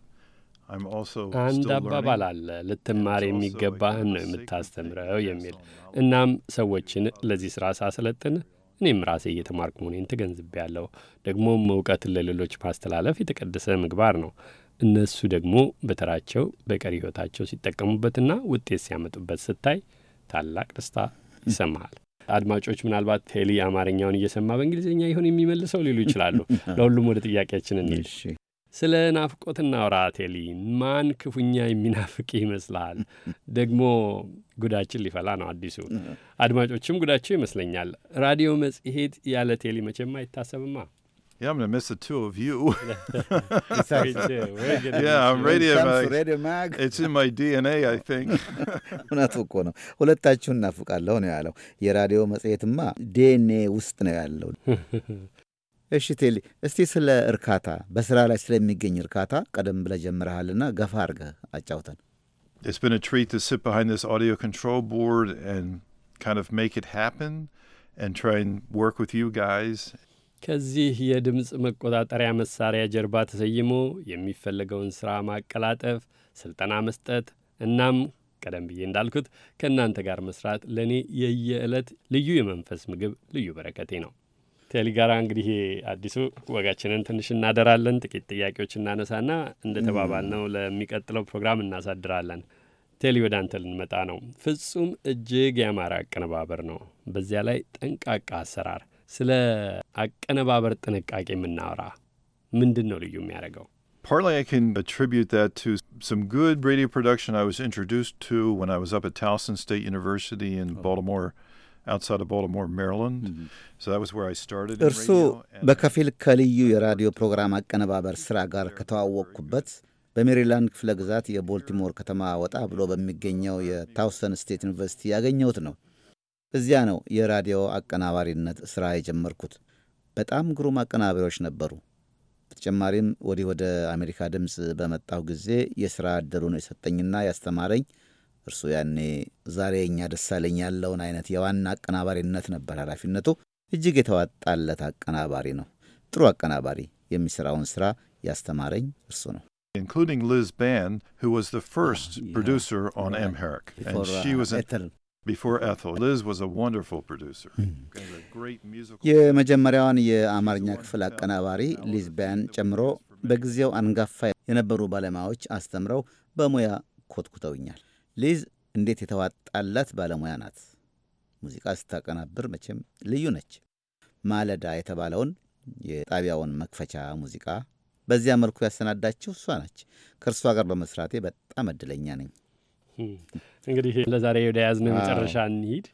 E: I'm also አንድ አባባል አለ ልትማር የሚገባህን ነው የምታስተምረው የሚል።
A: እናም ሰዎችን ለዚህ ስራ ሳስለጥን እኔም ራሴ እየተማርኩ መሆኔን ያለው ደግሞም እውቀትን ለሌሎች ማስተላለፍ የተቀደሰ ምግባር ነው። እነሱ ደግሞ በተራቸው በቀሪ ህይወታቸው ሲጠቀሙበትና ውጤት ሲያመጡበት ስታይ ታላቅ ደስታ ይሰማሃል። አድማጮች ምናልባት ቴሊ አማርኛውን እየሰማ በእንግሊዝኛ ይሆን የሚመልሰው ሊሉ ይችላሉ። ለሁሉም ወደ ጥያቄያችን እንሂድ። ስለ ናፍቆትና ወራቴሊ ማን ክፉኛ የሚናፍቅ ይመስልሃል? ደግሞ ጉዳችን ሊፈላ ነው። አዲሱ አድማጮችም ጉዳቸው ይመስለኛል። ራዲዮ መጽሔት ያለ ቴሊ መቼም አይታሰብማ።
E: Yeah, I'm going to miss the two of you. (laughs) Yeah, I'm radio mag. radio mag. It's in my DNA, I think. (laughs) እውነቱ እኮ ነው። ሁለታችሁን እናፍቃለሁ
B: ነው ያለው። የራዲዮ መጽሔትማ ዲኤንኤ ውስጥ ነው ያለው።
D: (laughs)
B: እሺ ቴሊ፣ እስቲ ስለ እርካታ በስራ ላይ ስለሚገኝ እርካታ ቀደም ብለህ ጀምረሃልና ገፋ
E: አድርገህ አጫውተን። ከዚህ
A: የድምፅ መቆጣጠሪያ መሳሪያ ጀርባ ተሰይሞ የሚፈለገውን ሥራ ማቀላጠፍ፣ ስልጠና መስጠት እናም ቀደም ብዬ እንዳልኩት ከእናንተ ጋር መስራት ለእኔ የየዕለት ልዩ የመንፈስ ምግብ ልዩ በረከቴ ነው። ቴሌግራም እንግዲህ አዲሱ ወጋችንን ትንሽ እናደራለን። ጥቂት ጥያቄዎች እናነሳና እንደ ተባባል ነው ለሚቀጥለው ፕሮግራም እናሳድራለን። ቴሊ ወደ አንተ ልንመጣ ነው። ፍጹም እጅግ ያማረ አቀነባበር ነው። በዚያ ላይ ጠንቃቃ አሰራር። ስለ አቀነባበር
E: ጥንቃቄ የምናወራ ምንድን ነው ልዩ የሚያደርገው? Partly, I can attribute that to some good radio production I was introduced to when I was up at Towson State University in oh. Baltimore, Mm-hmm. እርሱ
B: በከፊል ከልዩ የራዲዮ ፕሮግራም አቀነባበር ሥራ ጋር ከተዋወቅኩበት በሜሪላንድ ክፍለ ግዛት የቦልቲሞር ከተማ ወጣ ብሎ በሚገኘው የታውሰን ስቴት ዩኒቨርሲቲ ያገኘሁት ነው። እዚያ ነው የራዲዮ አቀናባሪነት ሥራ የጀመርኩት። በጣም ግሩም አቀናባሪዎች ነበሩ። በተጨማሪም ወዲህ ወደ አሜሪካ ድምፅ በመጣሁ ጊዜ የሥራ ዕድሉን የሰጠኝና ያስተማረኝ እርሱ ያኔ ዛሬ እኛ ደሳለኝ ያለውን አይነት የዋና አቀናባሪነት ነበር ኃላፊነቱ። እጅግ የተዋጣለት አቀናባሪ ነው።
E: ጥሩ አቀናባሪ የሚሠራውን ሥራ ያስተማረኝ እርሱ ነው። including Liz Ban, who was the first oh, yeah. producer on right. Amherik. Before, and she was uh, Ethel. before Ethel. Liz was a wonderful producer. Hmm. የመጀመሪያዋን የአማርኛ
B: ክፍል አቀናባሪ ሊዝ ባን ጨምሮ በጊዜው አንጋፋ የነበሩ ባለሙያዎች አስተምረው በሙያ ኮትኩተውኛል። ሊዝ እንዴት የተዋጣላት ባለሙያ ናት። ሙዚቃ ስታቀናብር መቼም ልዩ ነች። ማለዳ የተባለውን የጣቢያውን መክፈቻ ሙዚቃ በዚያ መልኩ ያሰናዳችው እሷ ነች። ከእርሷ ጋር በመስራቴ በጣም እድለኛ ነኝ። እንግዲህ ለዛሬ ወደ ያዝነ መጨረሻ እንሂድ።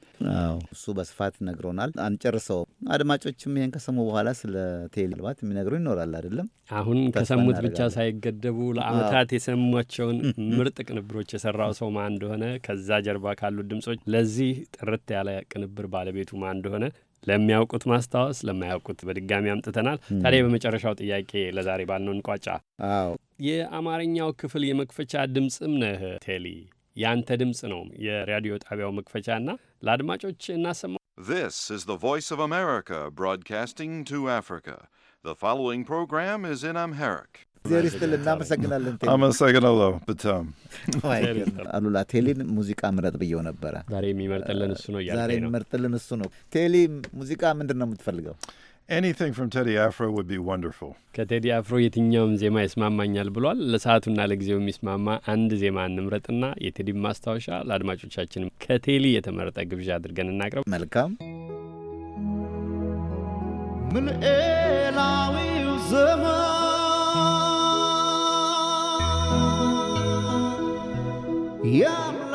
B: እሱ በስፋት ነግሮናል፣ አንጨርሰው። አድማጮችም ይህን ከሰሙ በኋላ ስለ ቴሌ የሚነግሩ ይኖራል አይደለም። አሁን ከሰሙት ብቻ
A: ሳይገደቡ ለአመታት የሰሟቸውን (laughs) ምርጥ ቅንብሮች የሰራው ሰው ማን እንደሆነ ከዛ ጀርባ ካሉት ድምጾች ለዚህ ጥርት ያለ ቅንብር ባለቤቱ ማን እንደሆነ ለሚያውቁት ማስታወስ፣ ለማያውቁት በድጋሚ አምጥተናል። ታዲያ በመጨረሻው ጥያቄ ለዛሬ ባልነው እንቋጫ። አዎ የአማርኛው ክፍል የመክፈቻ ድምፅም ነህ ቴሊ ያንተ ድምፅ ነው የራዲዮ ጣቢያው መክፈቻና
E: ለአድማጮች እናሰማ። This is the voice of America broadcasting to Africa. The following program is in Amharic. እናመሰግናለን። አመሰግናለሁ።
B: ብታም አሉላ ቴሊን ሙዚቃ ምረጥ ብየው ነበረ። ዛሬ የሚመርጥልን እሱ ነው።
E: ዛሬ የሚመርጥልን እሱ ነው። ቴሊ ሙዚቃ ምንድን ነው የምትፈልገው? anything from Teddy Afro would be wonderful.
A: ከቴዲ አፍሮ የትኛውም ዜማ ይስማማኛል ብሏል። ለሰዓቱና ለጊዜው የሚስማማ አንድ ዜማ እንምረጥና የቴዲ ማስታወሻ ለአድማጮቻችንም ከቴሊ የተመረጠ ግብዣ አድርገን እናቅረብ። መልካም
B: ምልኤላዊው
G: ዘመን ያምላ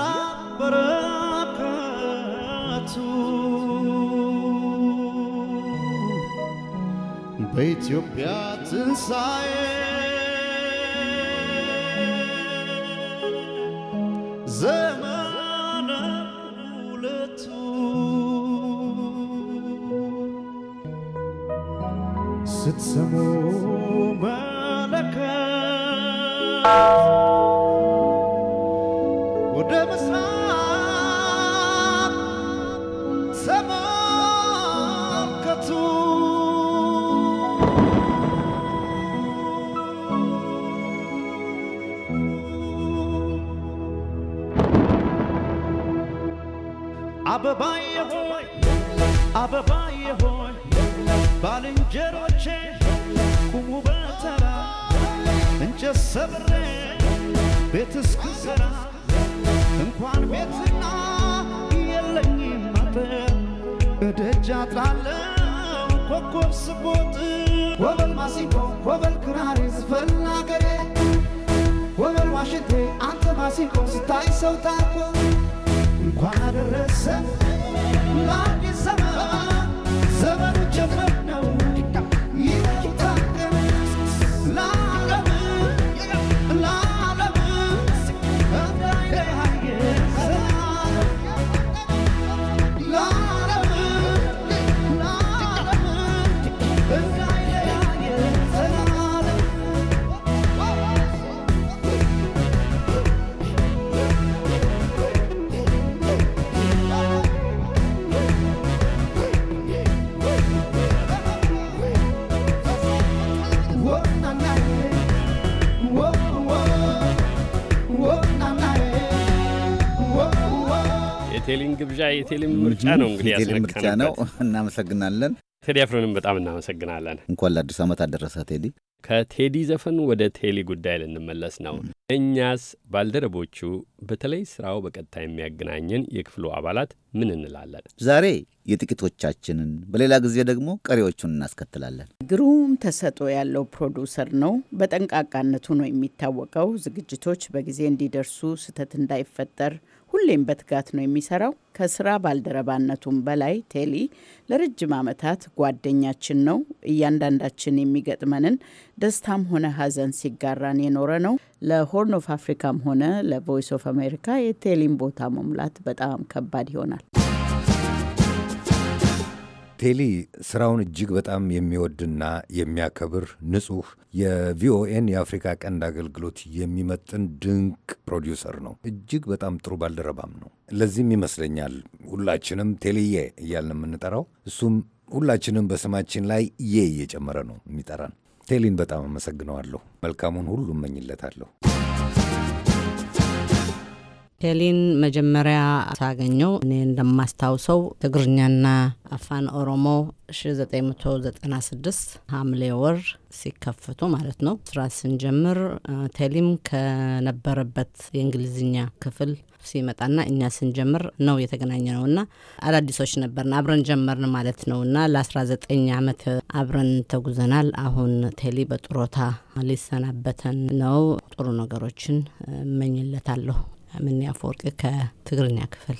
I: Wait your breath inside
G: Sit some more, man, I
I: can't.
G: አበባዬ ሆይ አበባዬ ሆይ ባልንጀሮቼ ቁሙ በተራ እንጨት ሰብሬ ቤት እስክሰራ እንኳን ቤትና የለኝም አጥር እደጃ ጥላለው ኮከብ ስቦጥ ወበል ማሲንቆ ወበል ክራሬ ዝፈን አገሬ ወበል ዋሽንቴ አንተ ማሲንቆ ስታይ ሰው ታርኮ ባደረሰን
A: ግብዣ የቴሌም ምርጫ ነው እንግዲህ የቴሌም ምርጫ ነው።
B: (laughs) እናመሰግናለን
A: ቴዲ አፍሮንም በጣም እናመሰግናለን።
B: እንኳን ለአዲሱ ዓመት አደረሰ ቴዲ።
A: ከቴዲ ዘፈን ወደ ቴሊ ጉዳይ ልንመለስ ነው። እኛስ ባልደረቦቹ፣ በተለይ ስራው በቀጥታ የሚያገናኘን የክፍሉ አባላት ምን እንላለን?
B: ዛሬ የጥቂቶቻችንን በሌላ ጊዜ ደግሞ ቀሪዎቹን እናስከትላለን። ግሩም ተሰጦ ያለው ፕሮዲውሰር ነው። በጠንቃቃነቱ ነው የሚታወቀው። ዝግጅቶች በጊዜ እንዲደርሱ ስህተት እንዳይፈጠር ሁሌም በትጋት ነው የሚሰራው። ከስራ ባልደረባነቱም በላይ ቴሊ ለረጅም ዓመታት ጓደኛችን ነው። እያንዳንዳችን
F: የሚገጥመንን ደስታም ሆነ ሐዘን ሲጋራን የኖረ ነው። ለሆርን ኦፍ አፍሪካም ሆነ ለቮይስ ኦፍ አሜሪካ የቴሊን ቦታ መሙላት በጣም ከባድ ይሆናል።
G: ቴሊ ስራውን እጅግ በጣም የሚወድና የሚያከብር ንጹህ፣ የቪኦኤን የአፍሪካ ቀንድ አገልግሎት የሚመጥን ድንቅ ፕሮዲውሰር ነው። እጅግ በጣም ጥሩ ባልደረባም ነው። ለዚህም ይመስለኛል ሁላችንም ቴሊዬ እያልን የምንጠራው። እሱም ሁላችንም በስማችን ላይ ዬ እየጨመረ ነው የሚጠራን። ቴሊን በጣም አመሰግነዋለሁ። መልካሙን ሁሉ እመኝለታለሁ።
F: ቴሊን መጀመሪያ ሳገኘው እኔ እንደማስታውሰው ትግርኛና አፋን ኦሮሞ 1996 ሐምሌ ወር ሲከፍቱ ማለት ነው። ስራ ስንጀምር ቴሊም ከነበረበት የእንግሊዝኛ ክፍል ሲመጣና እኛ ስንጀምር ነው የተገናኘ ነው እና አዳዲሶች ነበርን አብረን ጀመርን ማለት ነው እና ለ19 ዓመት አብረን ተጉዘናል። አሁን ቴሊ በጡረታ ሊሰናበተን ነው። ጥሩ ነገሮችን እመኝለታለሁ። ምን አፈወርቅ ከትግርኛ ክፍል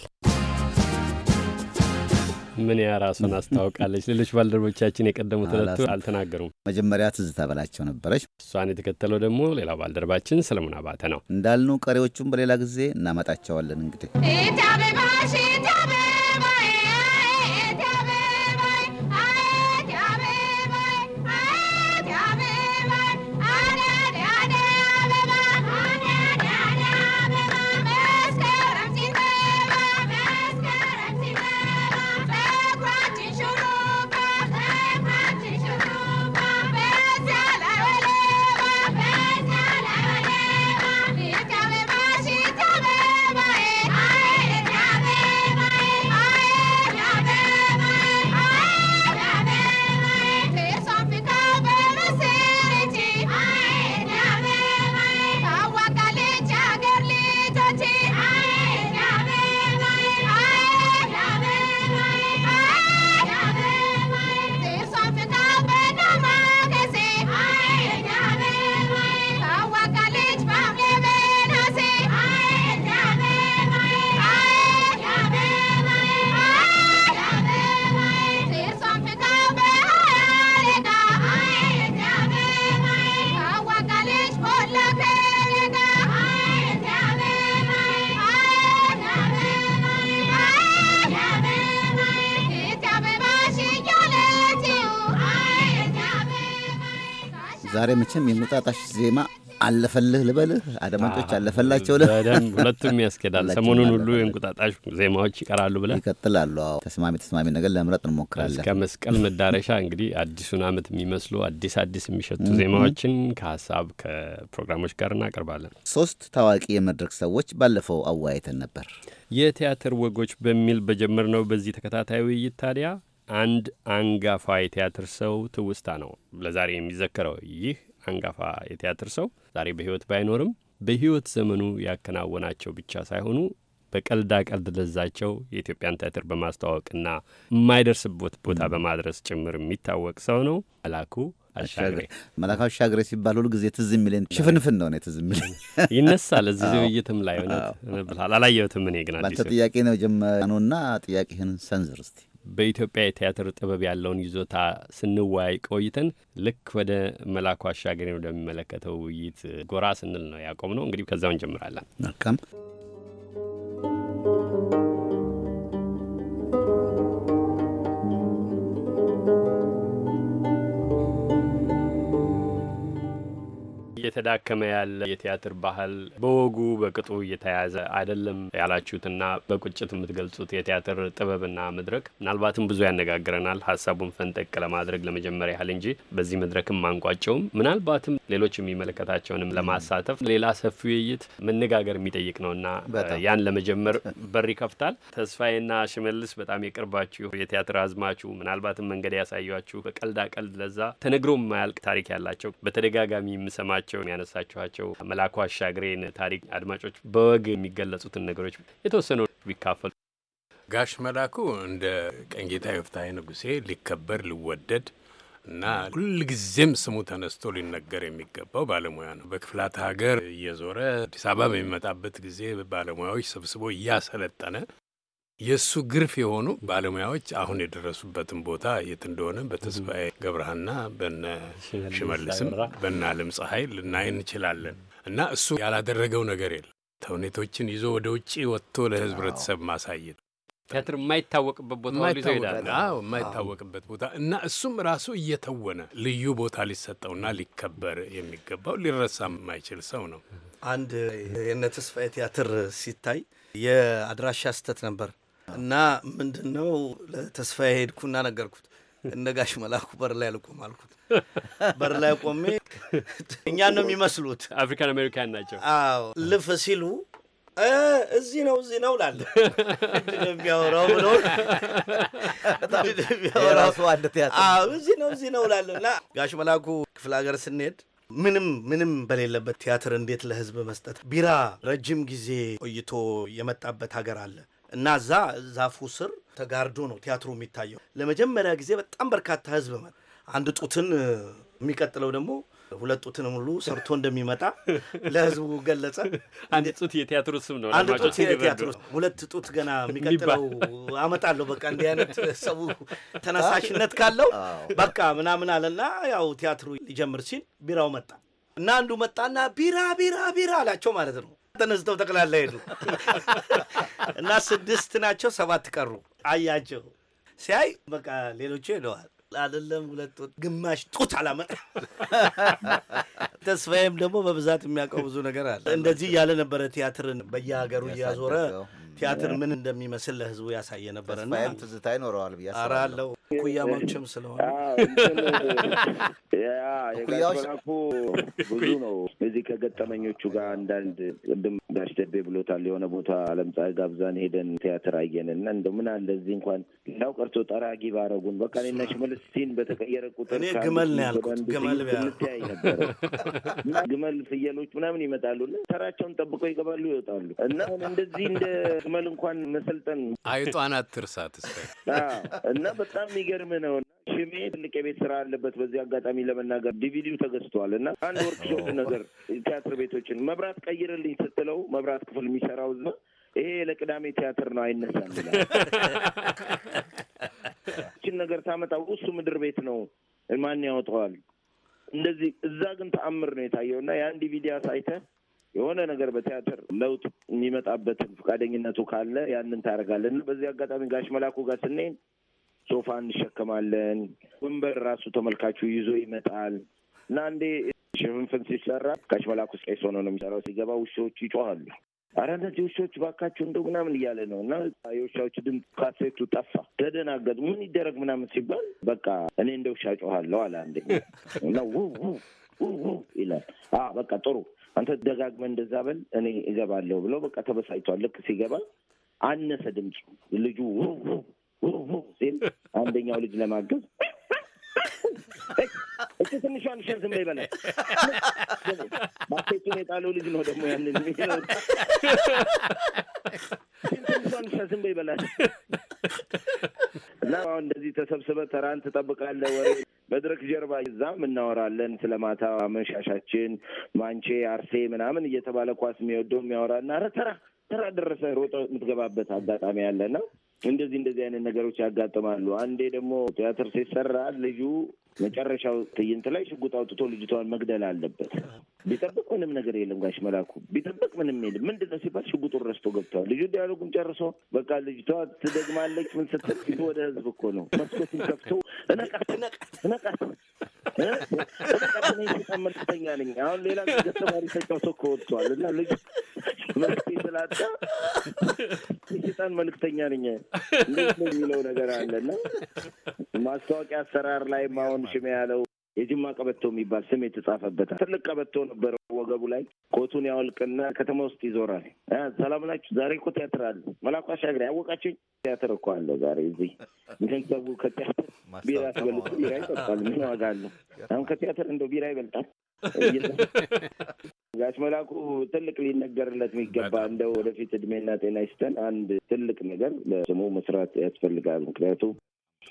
A: ምን ያ ራሱን አስታውቃለች። ሌሎች ባልደረቦቻችን የቀደሙት ሁለቱ አልተናገሩም።
B: መጀመሪያ ትዝታ በላቸው ነበረች። እሷን የተከተለው ደግሞ ሌላው ባልደረባችን ሰለሞን አባተ ነው። እንዳልኑ ቀሪዎቹም በሌላ ጊዜ እናመጣቸዋለን እንግዲህ ዛሬ መቼም የመጣጣሽ ዜማ አለፈልህ ልበልህ? አድማጮች አለፈላቸው ልህ ሁለቱም ያስኬዳል። ሰሞኑን ሁሉ
A: የእንቁጣጣሽ ዜማዎች ይቀራሉ ብለን ይቀጥላሉ።
B: ተስማሚ ተስማሚ ነገር ለምረጥ እንሞክራለን። እስከ
A: መስቀል መዳረሻ እንግዲህ አዲሱን ዓመት የሚመስሉ አዲስ አዲስ የሚሸቱ ዜማዎችን ከሀሳብ ከፕሮግራሞች ጋር እናቀርባለን።
B: ሶስት ታዋቂ የመድረክ ሰዎች ባለፈው አወያይተን ነበር።
A: የቲያትር ወጎች በሚል በጀመርነው በዚህ ተከታታይ ውይይት ታዲያ አንድ አንጋፋ የቲያትር ሰው ትውስታ ነው ለዛሬ የሚዘከረው። ይህ አንጋፋ የቲያትር ሰው ዛሬ በሕይወት ባይኖርም በሕይወት ዘመኑ ያከናወናቸው ብቻ ሳይሆኑ በቀልዳ ቀልድ ለዛቸው የኢትዮጵያን ቲያትር በማስተዋወቅና የማይደርስበት ቦታ በማድረስ ጭምር የሚታወቅ ሰው ነው መላኩ
B: አሻግሬ። መላኩ አሻግሬ ሲባል ሁሉ ጊዜ ትዝ የሚለኝ ሽፍንፍን ነው ትዝ የሚለኝ
A: ይነሳል። እዚህ ዝብይትም ላይ ሆነ ብልሃል አላየሁትም። እኔ ግን አንተ ጥያቄ
B: ነው ጀመኑና ጥያቄህን ሰንዝር እስቲ
A: በኢትዮጵያ የቲያትር ጥበብ ያለውን ይዞታ ስንወያይ ቆይተን ልክ ወደ መላኩ አሻገሬ ወደሚመለከተው ውይይት ጎራ ስንል ነው ያቆም ነው። እንግዲህ ከዛው እንጀምራለን። መልካም thank you እየተዳከመ ያለ የቲያትር ባህል በወጉ በቅጡ እየተያዘ አይደለም ያላችሁትና በቁጭት የምትገልጹት የቲያትር ጥበብና መድረክ ምናልባትም ብዙ ያነጋግረናል። ሀሳቡን ፈንጠቅ ለማድረግ ለመጀመሪያ ያህል እንጂ በዚህ መድረክም አንቋጨውም። ምናልባትም ሌሎች የሚመለከታቸውንም ለማሳተፍ ሌላ ሰፊ ውይይት መነጋገር የሚጠይቅ ነውና ያን ለመጀመር በር ይከፍታል። ተስፋዬና ሽመልስ በጣም የቅርባችሁ የቲያትር አዝማችሁ ምናልባትም መንገድ ያሳያችሁ በቀልዳ ቀልድ ለዛ ተነግሮ የማያልቅ ታሪክ ያላቸው በተደጋጋሚ የምሰማቸው ናቸው የሚያነሳቸኋቸው። መላኩ አሻግሬን ታሪክ አድማጮች በወግ የሚገለጹትን ነገሮች የተወሰኑ ቢካፈሉ
D: ጋሽ መላኩ እንደ ቀንጌታ የፍትሐ ንጉሴ ሊከበር ሊወደድ እና ሁልጊዜም ስሙ ተነስቶ ሊነገር የሚገባው ባለሙያ ነው። በክፍላት ሀገር እየዞረ አዲስ አበባ በሚመጣበት ጊዜ ባለሙያዎች ሰብስቦ እያሰለጠነ የእሱ ግርፍ የሆኑ ባለሙያዎች አሁን የደረሱበትን ቦታ የት እንደሆነ በተስፋዬ ገብረሃና በነ ሽመልስም በነ አለም ፀሐይ ልናይ እንችላለን። እና እሱ ያላደረገው ነገር የለም። ተውኔቶችን ይዞ ወደ ውጭ ወጥቶ ለህብረተሰብ ማሳየት ቲያትር የማይታወቅበት ቦታ ይዞ ይሄዳል። የማይታወቅበት ቦታ እና እሱም ራሱ እየተወነ ልዩ ቦታ ሊሰጠውና ሊከበር የሚገባው ሊረሳ የማይችል ሰው ነው።
I: አንድ የነ ተስፋዬ ቲያትር ሲታይ የአድራሻ ስህተት ነበር። እና ምንድን ነው ለተስፋዬ ሄድኩና ነገርኩት። እነጋሽ መላኩ በር ላይ ልቆም አልኩት። በር ላይ ቆሜ እኛን ነው የሚመስሉት፣ አፍሪካን አሜሪካን ናቸው። አዎ ልፍ ሲሉ እዚህ ነው እዚህ ነው ላለ የሚያወራው ብሎ ራሱ አንድ ቲያትር እዚህ ነው እዚህ ነው ላለ እና ጋሽ መላኩ ክፍለ ሀገር ስንሄድ ምንም ምንም በሌለበት ቲያትር እንዴት ለህዝብ መስጠት ቢራ ረጅም ጊዜ ቆይቶ የመጣበት ሀገር አለ። እና እዛ ዛፉ ስር ተጋርዶ ነው ቲያትሩ የሚታየው። ለመጀመሪያ ጊዜ በጣም በርካታ ህዝብ መ አንድ ጡትን የሚቀጥለው ደግሞ ሁለት ጡትን ሙሉ ሰርቶ እንደሚመጣ ለህዝቡ ገለጸ።
A: አንድ ጡት የቲያትሩ ስም ነው። አንድ ጡት የቲያትሩ
I: ሁለት ጡት ገና የሚቀጥለው አመጣለሁ። በቃ እንዲህ አይነት ሰው ተነሳሽነት ካለው በቃ ምናምን አለና ያው ቲያትሩ ሊጀምር ሲል ቢራው መጣ እና አንዱ መጣና ቢራ ቢራ ቢራ አላቸው ማለት ነው ተነስተው ጠቅላላ ሄዱ እና ስድስት ናቸው፣ ሰባት ቀሩ። አያቸው ሲያይ በቃ ሌሎቹ ሄደዋል። አይደለም ሁለት ግማሽ ጡት አላመጣ። ተስፋዬም ደግሞ በብዛት የሚያውቀው ብዙ ነገር አለ። እንደዚህ እያለ ነበረ ቲያትርን በየሀገሩ እያዞረ ቲያትር ምን እንደሚመስል ለህዝቡ ያሳየ ነበረ። ነበረና ትዝታ ይኖረዋል ብዬ አራለው ኩያማዎችም ስለሆነ
C: ብዙ ነው። እዚህ ከገጠመኞቹ ጋር አንዳንድ ቅድም ጋሽ ደቤ ብሎታል። የሆነ ቦታ አለምፀሐይ ጋብዛን ሄደን ቲያትር አየን እና እንደ ምን አለ እዚህ እንኳን ሌላው ቀርቶ ጠራጊ ባረጉን በቃ እኔና ሽመልስ ሲን በተቀየረ ቁጥር እኔ ግመል ነው ያልኩት ግመል ብንተያይ ነበረ እና ግመል፣ ፍየሎች ምናምን ይመጣሉ ተራቸውን ጠብቀው ይገባሉ ይወጣሉ እና እንደዚህ እንደ ተቅመል እንኳን መሰልጠን
D: አይጧን አትርሳት (laughs)
C: እና በጣም የሚገርም ነው። ሽሜ ትልቅ የቤት ስራ አለበት። በዚህ አጋጣሚ ለመናገር ዲቪዲው ተገዝቷል እና አንድ ወርክሾፕ ነገር ቲያትር ቤቶችን መብራት ቀይርልኝ ስትለው መብራት ክፍል የሚሰራው እዛ ይሄ ለቅዳሜ ቲያትር ነው አይነሳም ይላል። ነገር ታመጣ እሱ ምድር ቤት ነው ማን ያወጣዋል? እንደዚህ እዛ ግን ተአምር ነው እና የአንድ ዲቪዲ አሳይተህ የሆነ ነገር በቲያትር ለውጥ የሚመጣበትን ፈቃደኝነቱ ካለ ያንን ታደርጋለን። በዚህ አጋጣሚ ጋሽ መላኩ ጋር ስንሄድ ሶፋ እንሸከማለን። ወንበር ራሱ ተመልካቹ ይዞ ይመጣል እና አንዴ ሽፍንፍን ሲሰራ ጋሽ መላኩ ቄስ ሆኖ ነው የሚሰራው። ሲገባ ውሾች ይጮኋሉ። አረ እነዚህ ውሾች ባካቸው እንደው ምናምን እያለ ነው እና የውሻዎች ድምፅ ካሴቱ ጠፋ። ተደናገጥ ምን ይደረግ ምናምን ሲባል በቃ እኔ እንደ ውሻ ጮኋለሁ አለ አንደኛ እና ይላል። በቃ ጥሩ አንተ ደጋግመ እንደዛ በል እኔ እገባለሁ ብሎ በቃ ተበሳጭቷል። ልክ ሲገባ አነሰ ድምፁ ልጁ ሲል አንደኛው ልጅ ለማገዝ እቺ ትንሿን ሸር ዝም ይበላል። የጣለው ልጅ ነው ደግሞ ያንን ትንሿን ሸር ዝም ይበላል። እና አሁን እንደዚህ ተሰብስበ ተራን ትጠብቃለ ወሬ መድረክ ጀርባ እዛም እናወራለን ስለ ማታ መሻሻችን ማንቼ አርሴ ምናምን እየተባለ ኳስ የሚወደው የሚያወራ እና ኧረ ተራ ተራ ደረሰ ሮጠ የምትገባበት አጋጣሚ ያለ ነው። እንደዚህ እንደዚህ አይነት ነገሮች ያጋጥማሉ። አንዴ ደግሞ ቲያትር ሲሰራ ልጁ መጨረሻው ትዕይንት ላይ ሽጉጥ አውጥቶ ልጅቷን መግደል አለበት። ቢጠብቅ ምንም ነገር የለም። ጋሽ መላኩ ቢጠብቅ ምንም የለም። ምንድን ነው ሲባል ሽጉጡን ረስቶ ገብተዋል። ልጁ ዲያሎጉን ጨርሶ በቃ ልጅቷ ትደግማለች። ምን ስትል ወደ ህዝብ እኮ ነው መስኮትን ከፍቶ እነቃት እነቃት መልክተኛ ነኝ። አሁን ሌላ ገተማሪ ተጫውቶ እኮ እና ልጅ መልክቴ ስላጣ ሽጣን መልክተኛ ነኝ እንዴት ነው የሚለው ነገር አለ ማስታወቂያ አሰራር ላይ አሁን ሽሜ ያለው የጅማ ቀበቶ የሚባል ስም የተጻፈበታል። ትልቅ ቀበቶ ነበረ ወገቡ ላይ ኮቱን ያወልቅና ከተማ ውስጥ ይዞራል። ሰላም ናችሁ? ዛሬ እኮ ቲያትር አለ። መላኩ አሻግሬ ያወቃችሁኝ ቲያትር እኮ አለ ዛሬ እዚህ ምክን ሰቡ ከቲያትር ቢራ ሲበልጡ ቢራ ይጠጣል። ምን ዋጋ አለ? አሁን ከቲያትር እንደው ቢራ ይበልጣል። ጋሽ መላኩ ትልቅ ሊነገርለት የሚገባ እንደው ወደፊት እድሜና ጤና ይስጠን። አንድ ትልቅ ነገር ለስሙ መስራት ያስፈልጋል። ምክንያቱም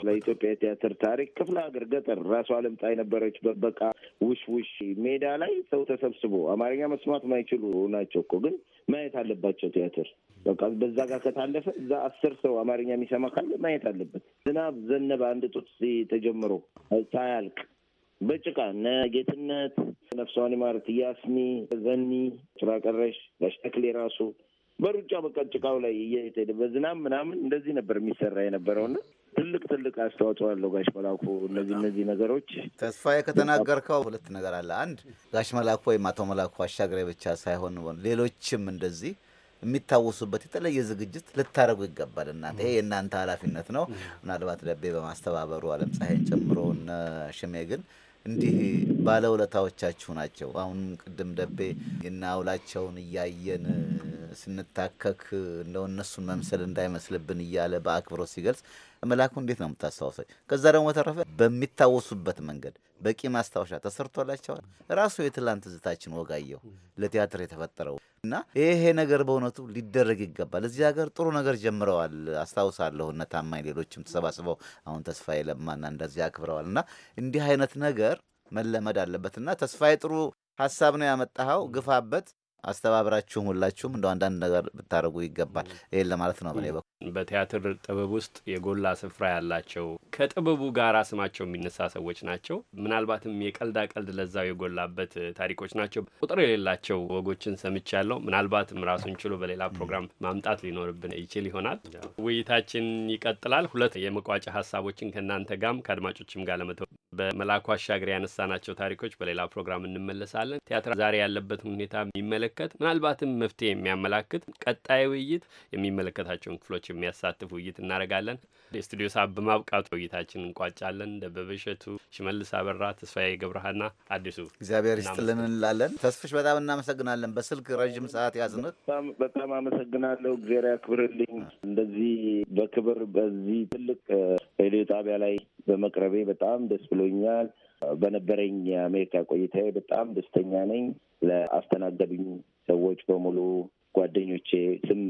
C: ለኢትዮጵያ የቲያትር ታሪክ ክፍለ ሀገር ገጠር ራሷ አለምጣ የነበረች በበቃ ውሽ ውሽ ሜዳ ላይ ሰው ተሰብስቦ አማርኛ መስማት ማይችሉ ናቸው እኮ ግን ማየት አለባቸው ቲያትር በቃ በዛ ጋር ከታለፈ እዛ አስር ሰው አማርኛ የሚሰማ ካለ ማየት አለበት። ዝናብ ዘነበ አንድ ጡት ተጀምሮ ሳያልቅ በጭቃ እነ ጌትነት ነፍሷን ይማርት፣ ያስኒ ዘኒ፣ ስራ ቀረሽ ጋሽ ተክሌ ራሱ በሩጫ በቃ ጭቃው ላይ እየሄደ በዝናብ ምናምን እንደዚህ ነበር የሚሰራ የነበረውና ትልቅ ትልቅ አስተዋጽኦ አለው። ጋሽ መላኩ እነዚህ እነዚህ ነገሮች
B: ተስፋዬ ከተናገርከው ሁለት ነገር አለ። አንድ ጋሽ መላኩ ወይም አቶ መላኩ አሻግሬ ብቻ ሳይሆን ሌሎችም እንደዚህ የሚታወሱበት የተለየ ዝግጅት ልታደርጉ ይገባል። እናንተ ይሄ የእናንተ ኃላፊነት ነው። ምናልባት ደቤ በማስተባበሩ አለም ፀሐይን ጨምሮ እነ ሽሜ ግን እንዲህ ባለውለታዎቻችሁ ናቸው። አሁን ቅድም ደቤ እናውላቸውን እያየን ስንታከክ እንደው እነሱን መምሰል እንዳይመስልብን እያለ በአክብሮት ሲገልጽ መላኩ እንዴት ነው የምታስታውሰኝ? ከዛ ደግሞ በተረፈ በሚታወሱበት መንገድ በቂ ማስታወሻ ተሰርቶላቸዋል። ራሱ የትላንት ዝታችን ወጋየሁ ለቲያትር የተፈጠረው እና ይሄ ነገር በእውነቱ ሊደረግ ይገባል። እዚህ ሀገር ጥሩ ነገር ጀምረዋል አስታውሳለሁ። እነ ታማኝ ሌሎችም ተሰባስበው አሁን ተስፋዬ ለማና እንደዚህ አክብረዋል። እና እንዲህ አይነት ነገር መለመድ አለበትና ተስፋዬ ጥሩ ሀሳብ ነው ያመጣኸው፣ ግፋበት። አስተባብራችሁም ሁላችሁም እንደ አንዳንድ ነገር ብታደርጉ ይገባል። ይህን ለማለት ነው። በኔ በኩል በቲያትር ጥበብ ውስጥ የጎላ
A: ስፍራ ያላቸው ከጥበቡ ጋር ስማቸው የሚነሳ ሰዎች ናቸው። ምናልባትም የቀልዳ ቀልድ ለዛው የጎላበት ታሪኮች ናቸው። ቁጥር የሌላቸው ወጎችን ሰምቻለሁ። ምናልባትም ራሱን ችሎ በሌላ ፕሮግራም ማምጣት ሊኖርብን ይችል ይሆናል። ውይይታችን ይቀጥላል። ሁለት የመቋጫ ሀሳቦችን ከእናንተ ጋም ከአድማጮችም ጋር ለመተው በመላኩ አሻገር ያነሳናቸው ታሪኮች በሌላ ፕሮግራም እንመለሳለን። ቲያትር ዛሬ ያለበትን ሁኔታ የሚመለከት ምናልባትም መፍትሄ የሚያመላክት ቀጣይ ውይይት የሚመለከታቸውን ክፍሎች የሚያሳትፍ ውይይት እናደርጋለን። የስቱዲዮ ሰዓት በማብቃቱ ውይይታችን እንቋጫለን። ደበበ እሸቱ፣ ሽመልስ አበራ፣ ተስፋዬ ገብረሃና
B: አዲሱ እግዚአብሔር ይስጥልን እንላለን። ተስፍሽ በጣም እናመሰግናለን። በስልክ ረዥም ሰዓት ያዝነት
C: በጣም አመሰግናለሁ። እግዚአብሔር ያክብርልኝ። እንደዚህ በክብር በዚህ ትልቅ ሬዲዮ ጣቢያ ላይ በመቅረቤ በጣም ደስ ብሎኛል። በነበረኝ የአሜሪካ ቆይታ በጣም ደስተኛ ነኝ። ለአስተናገዱኝ ሰዎች በሙሉ ጓደኞቼ ስም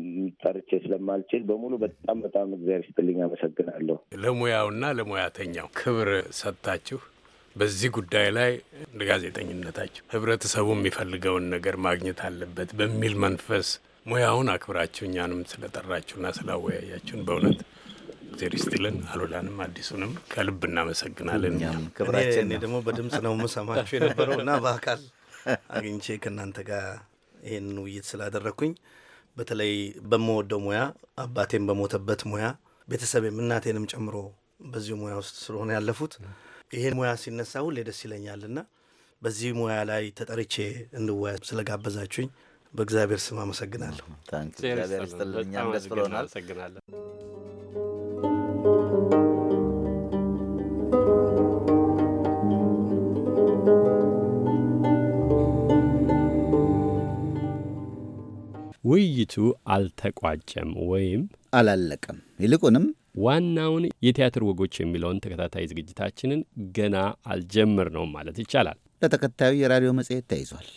C: ጠርቼ ስለማልችል በሙሉ በጣም በጣም እግዚአብሔር ይስጥልኝ አመሰግናለሁ።
D: ለሙያውና ለሙያተኛው ክብር ሰጥታችሁ በዚህ ጉዳይ ላይ ጋዜጠኝነታችሁ ህብረተሰቡ የሚፈልገውን ነገር ማግኘት አለበት በሚል መንፈስ ሙያውን አክብራችሁ እኛንም ስለጠራችሁና ስላወያያችሁን በእውነት እግዜር ይስጥልን። አሉላንም አዲሱንም ከልብ እናመሰግናለን። ክብራችን። እኔ ደግሞ በድምፅ ነው የምሰማችሁ የነበረው እና
I: በአካል አግኝቼ ከእናንተ ጋር ይህን ውይይት ስላደረግኩኝ በተለይ በምወደው ሙያ አባቴን በሞተበት ሙያ ቤተሰቤም እናቴንም ጨምሮ በዚሁ ሙያ ውስጥ ስለሆነ ያለፉት ይህን ሙያ ሲነሳ ሁሌ ደስ ይለኛልና በዚህ ሙያ ላይ ተጠርቼ እንድወያ ስለጋበዛችሁኝ በእግዚአብሔር ስም አመሰግናለሁ። እግዚአብሔር
B: ደስ ብሎናል።
A: ውይይቱ አልተቋጨም ወይም አላለቀም። ይልቁንም ዋናውን የቲያትር ወጎች የሚለውን ተከታታይ ዝግጅታችንን ገና አልጀምር ነው ማለት ይቻላል።
B: ለተከታዩ የራዲዮ መጽሔት ተይዟል።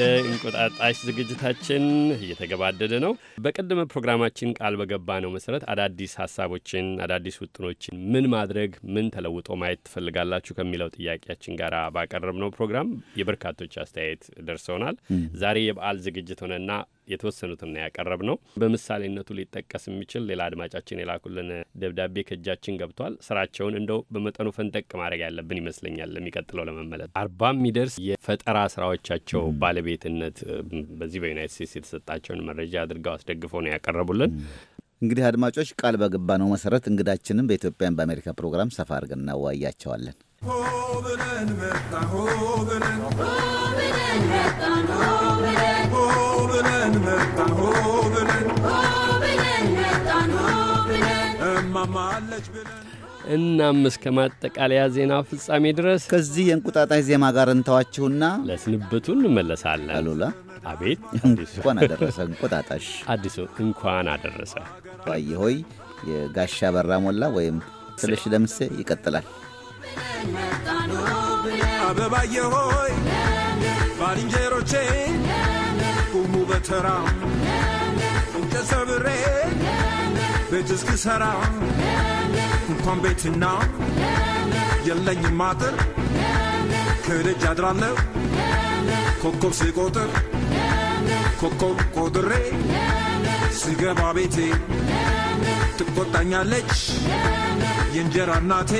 A: የእንቁጣጣሽ ዝግጅታችን እየተገባደደ ነው። በቀደመ ፕሮግራማችን ቃል በገባ ነው መሰረት አዳዲስ ሀሳቦችን፣ አዳዲስ ውጥኖችን ምን ማድረግ ምን ተለውጦ ማየት ትፈልጋላችሁ ከሚለው ጥያቄያችን ጋር ባቀረብነው ፕሮግራም የበርካቶች አስተያየት ደርሰውናል። ዛሬ የበዓል ዝግጅት ሆነና የተወሰኑትን ነው ያቀረብ ነው። በምሳሌነቱ ሊጠቀስ የሚችል ሌላ አድማጫችን የላኩልን ደብዳቤ ከእጃችን ገብቷል። ስራቸውን እንደው በመጠኑ ፈንጠቅ ማድረግ ያለብን ይመስለኛል። ለሚቀጥለው ለመመለስ አርባ የሚደርስ የፈጠራ ስራዎቻቸው ባለቤትነት በዚህ በዩናይት ስቴትስ የተሰጣቸውን መረጃ አድርገው አስደግፈው ነው ያቀረቡልን።
B: እንግዲህ አድማጮች ቃል በገባ ነው መሰረት እንግዳችንም በኢትዮጵያን በአሜሪካ ፕሮግራም ሰፋ አድርገን እናዋያቸዋለን። ሆብለን መጣ ሆብለን ሆብለን መጣ ሆብለን
G: ብለን መጣን ሆ ብለን መጣን ሆ ብለን እማማለች ብለን
A: እናም እስከ ማጠቃለያ ዜና ፍጻሜ ድረስ ከዚህ የእንቁጣጣሽ ዜማ ጋር እንተዋችሁና ለስንብቱ እንመለሳለን። አሉላ አቤት!
B: እንኳን አደረሰ እንቁጣጣሽ አዲሱ እንኳን አደረሰ ባየ ሆይ የጋሻ በራ ሞላ ወይም ስለሽ ለምሴ ይቀጥላል።
G: አበባየ ሆይ ባልንጀሮቼ ቁሙ በተራ እንጨት ሰብሬ ቤት እስክሰራ እንኳን ቤትና የለኝም አጥር ከደጅ አድራለሁ ኮከብ ስቆጥር ኮከብ ቆጥሬ ስገባ ቤቴ ትቆጣኛለች የእንጀራ እናቴ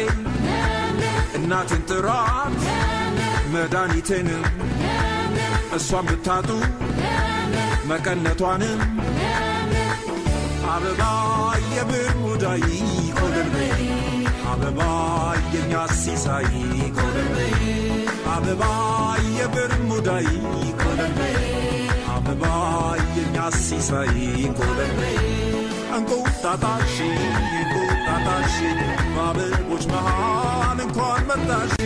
G: እናትን ጥሯት መድኃኒቴንም እሷን ብታጡ መቀነቷንም አበባ የብሙዳይ ቆደንበይ አበባ የኛ ሲሳይ ቆደንበይ አበባ የብርሙዳይ ቆደንበይ አበባ የኛ ሲሳይ ቆደንበይ እንቁጣጣሽ እንቁጣጣሽ በአበቦች መሃል እንኳን መጣሽ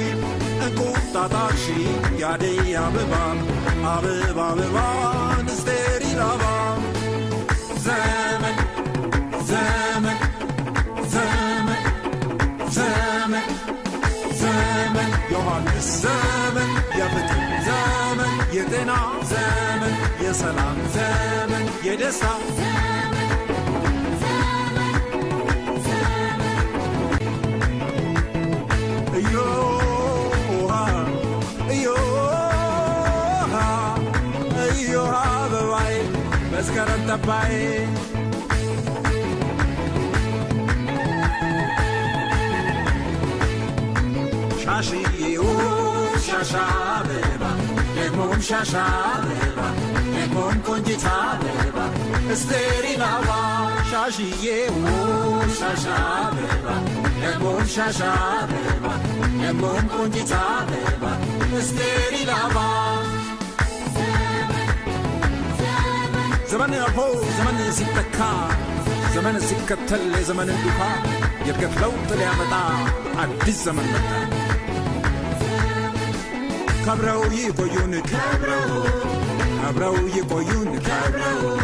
G: Tatashi, yadi abeban, abeban, abeban, steril aban. Zaman, zaman, zaman, zaman, zaman, Johannes, zaman, ya bitte, zaman, yedena, zaman, ya salam, zaman, jedes Tag, pae shashi u shasha beba lemon shasha beba lemon kondita beba esteri nava shashi u shasha beba lemon shasha beba lemon kondita beba esteri nava زمن الفوز زمن يزيد دكار زمن السكة تل زمن الدفاع يبقى طلع متاع عد الزمن متاع كبروا يبيون كبروا كبروا يبيون كبروا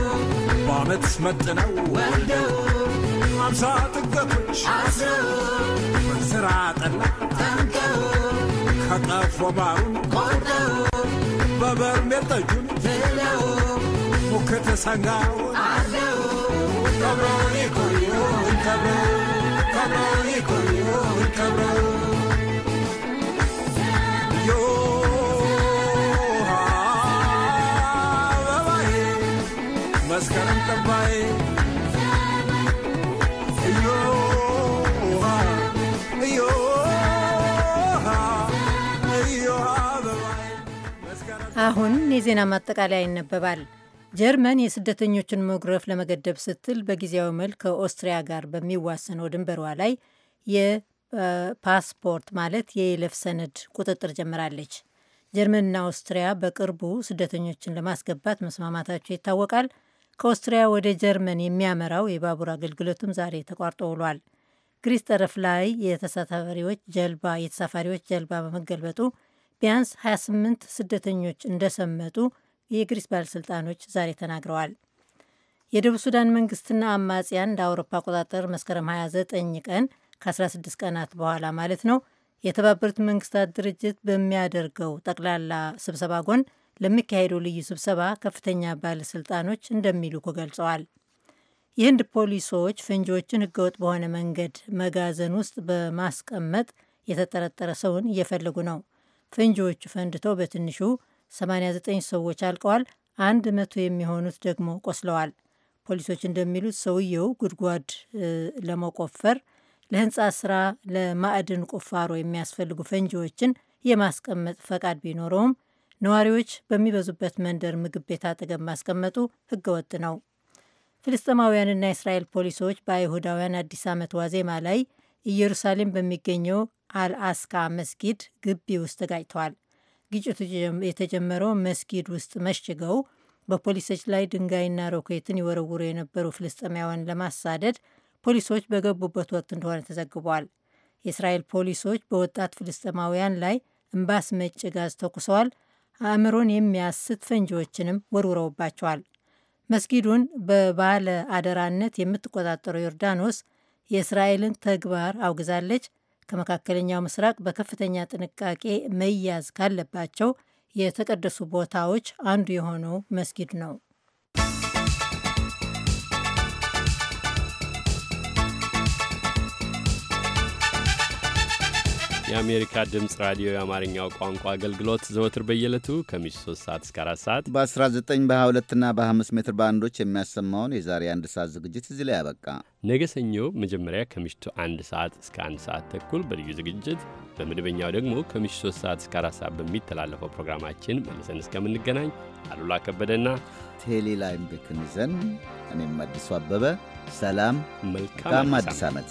G: بامت سمتنا ولدو عمسات القطش عسو من سرعة الله تنكو خطف وبارون قردو ببر مرتجون فيلو
F: አሁን የዜና ማጠቃለያ ይነበባል። ጀርመን የስደተኞችን መጉረፍ ለመገደብ ስትል በጊዜያዊ መልክ ከኦስትሪያ ጋር በሚዋሰነው ድንበሯ ላይ የፓስፖርት ማለት የይለፍ ሰነድ ቁጥጥር ጀምራለች። ጀርመንና ኦስትሪያ በቅርቡ ስደተኞችን ለማስገባት መስማማታቸው ይታወቃል። ከኦስትሪያ ወደ ጀርመን የሚያመራው የባቡር አገልግሎትም ዛሬ ተቋርጦ ውሏል። ግሪስ ጠረፍ ላይ የተሳፋሪዎች ጀልባ የተሳፋሪዎች ጀልባ በመገልበጡ ቢያንስ 28 ስደተኞች እንደሰመጡ የግሪስ ባለሥልጣኖች ዛሬ ተናግረዋል። የደቡብ ሱዳን መንግስትና አማጽያን እንደ አውሮፓ አቆጣጠር መስከረም 29 ቀን ከ16 ቀናት በኋላ ማለት ነው የተባበሩት መንግስታት ድርጅት በሚያደርገው ጠቅላላ ስብሰባ ጎን ለሚካሄደው ልዩ ስብሰባ ከፍተኛ ባለሥልጣኖች እንደሚልኩ ገልጸዋል። የህንድ ፖሊሶች ፈንጂዎችን ህገወጥ በሆነ መንገድ መጋዘን ውስጥ በማስቀመጥ የተጠረጠረ ሰውን እየፈለጉ ነው። ፈንጂዎቹ ፈንድተው በትንሹ 89 ሰዎች አልቀዋል፣ 100 የሚሆኑት ደግሞ ቆስለዋል። ፖሊሶች እንደሚሉት ሰውየው ጉድጓድ ለመቆፈር ለህንፃ ስራ፣ ለማዕድን ቁፋሮ የሚያስፈልጉ ፈንጂዎችን የማስቀመጥ ፈቃድ ቢኖረውም ነዋሪዎች በሚበዙበት መንደር ምግብ ቤት አጠገብ ማስቀመጡ ህገወጥ ነው። ፍልስጥማውያንና የእስራኤል ፖሊሶች በአይሁዳውያን አዲስ ዓመት ዋዜማ ላይ ኢየሩሳሌም በሚገኘው አልአስካ መስጊድ ግቢ ውስጥ ተጋጭተዋል። ግጭቱ የተጀመረው መስጊድ ውስጥ መሽገው በፖሊሶች ላይ ድንጋይና ሮኬትን ይወረውሩ የነበሩ ፍልስጤማውያን ለማሳደድ ፖሊሶች በገቡበት ወቅት እንደሆነ ተዘግቧል። የእስራኤል ፖሊሶች በወጣት ፍልስጤማውያን ላይ እምባስ መጭ ጋዝ ተኩሰዋል። አእምሮን የሚያስት ፈንጂዎችንም ወርውረውባቸዋል። መስጊዱን በባለ አደራነት የምትቆጣጠረው ዮርዳኖስ የእስራኤልን ተግባር አውግዛለች። ከመካከለኛው ምስራቅ በከፍተኛ ጥንቃቄ መያዝ ካለባቸው የተቀደሱ ቦታዎች አንዱ የሆነው መስጊድ ነው።
A: የአሜሪካ ድምፅ ራዲዮ የአማርኛው ቋንቋ
B: አገልግሎት ዘወትር በየዕለቱ ከምሽቱ 3 ሰዓት እስከ 4 ሰዓት በ19 በ22 እና በ25 ሜትር ባንዶች የሚያሰማውን የዛሬ አንድ ሰዓት ዝግጅት እዚህ ላይ ያበቃ። ነገ ሰኞ መጀመሪያ ከምሽቱ
A: አንድ ሰዓት እስከ አንድ ሰዓት ተኩል በልዩ ዝግጅት፣ በመደበኛው ደግሞ ከምሽቱ 3 ሰዓት እስከ 4 ሰዓት በሚተላለፈው ፕሮግራማችን መልሰን እስከምንገናኝ አሉላ ከበደና
B: ቴሌ ላይምቤክን ይዘን እኔም አዲሱ አበበ ሰላም፣ መልካም አዲስ ዓመት።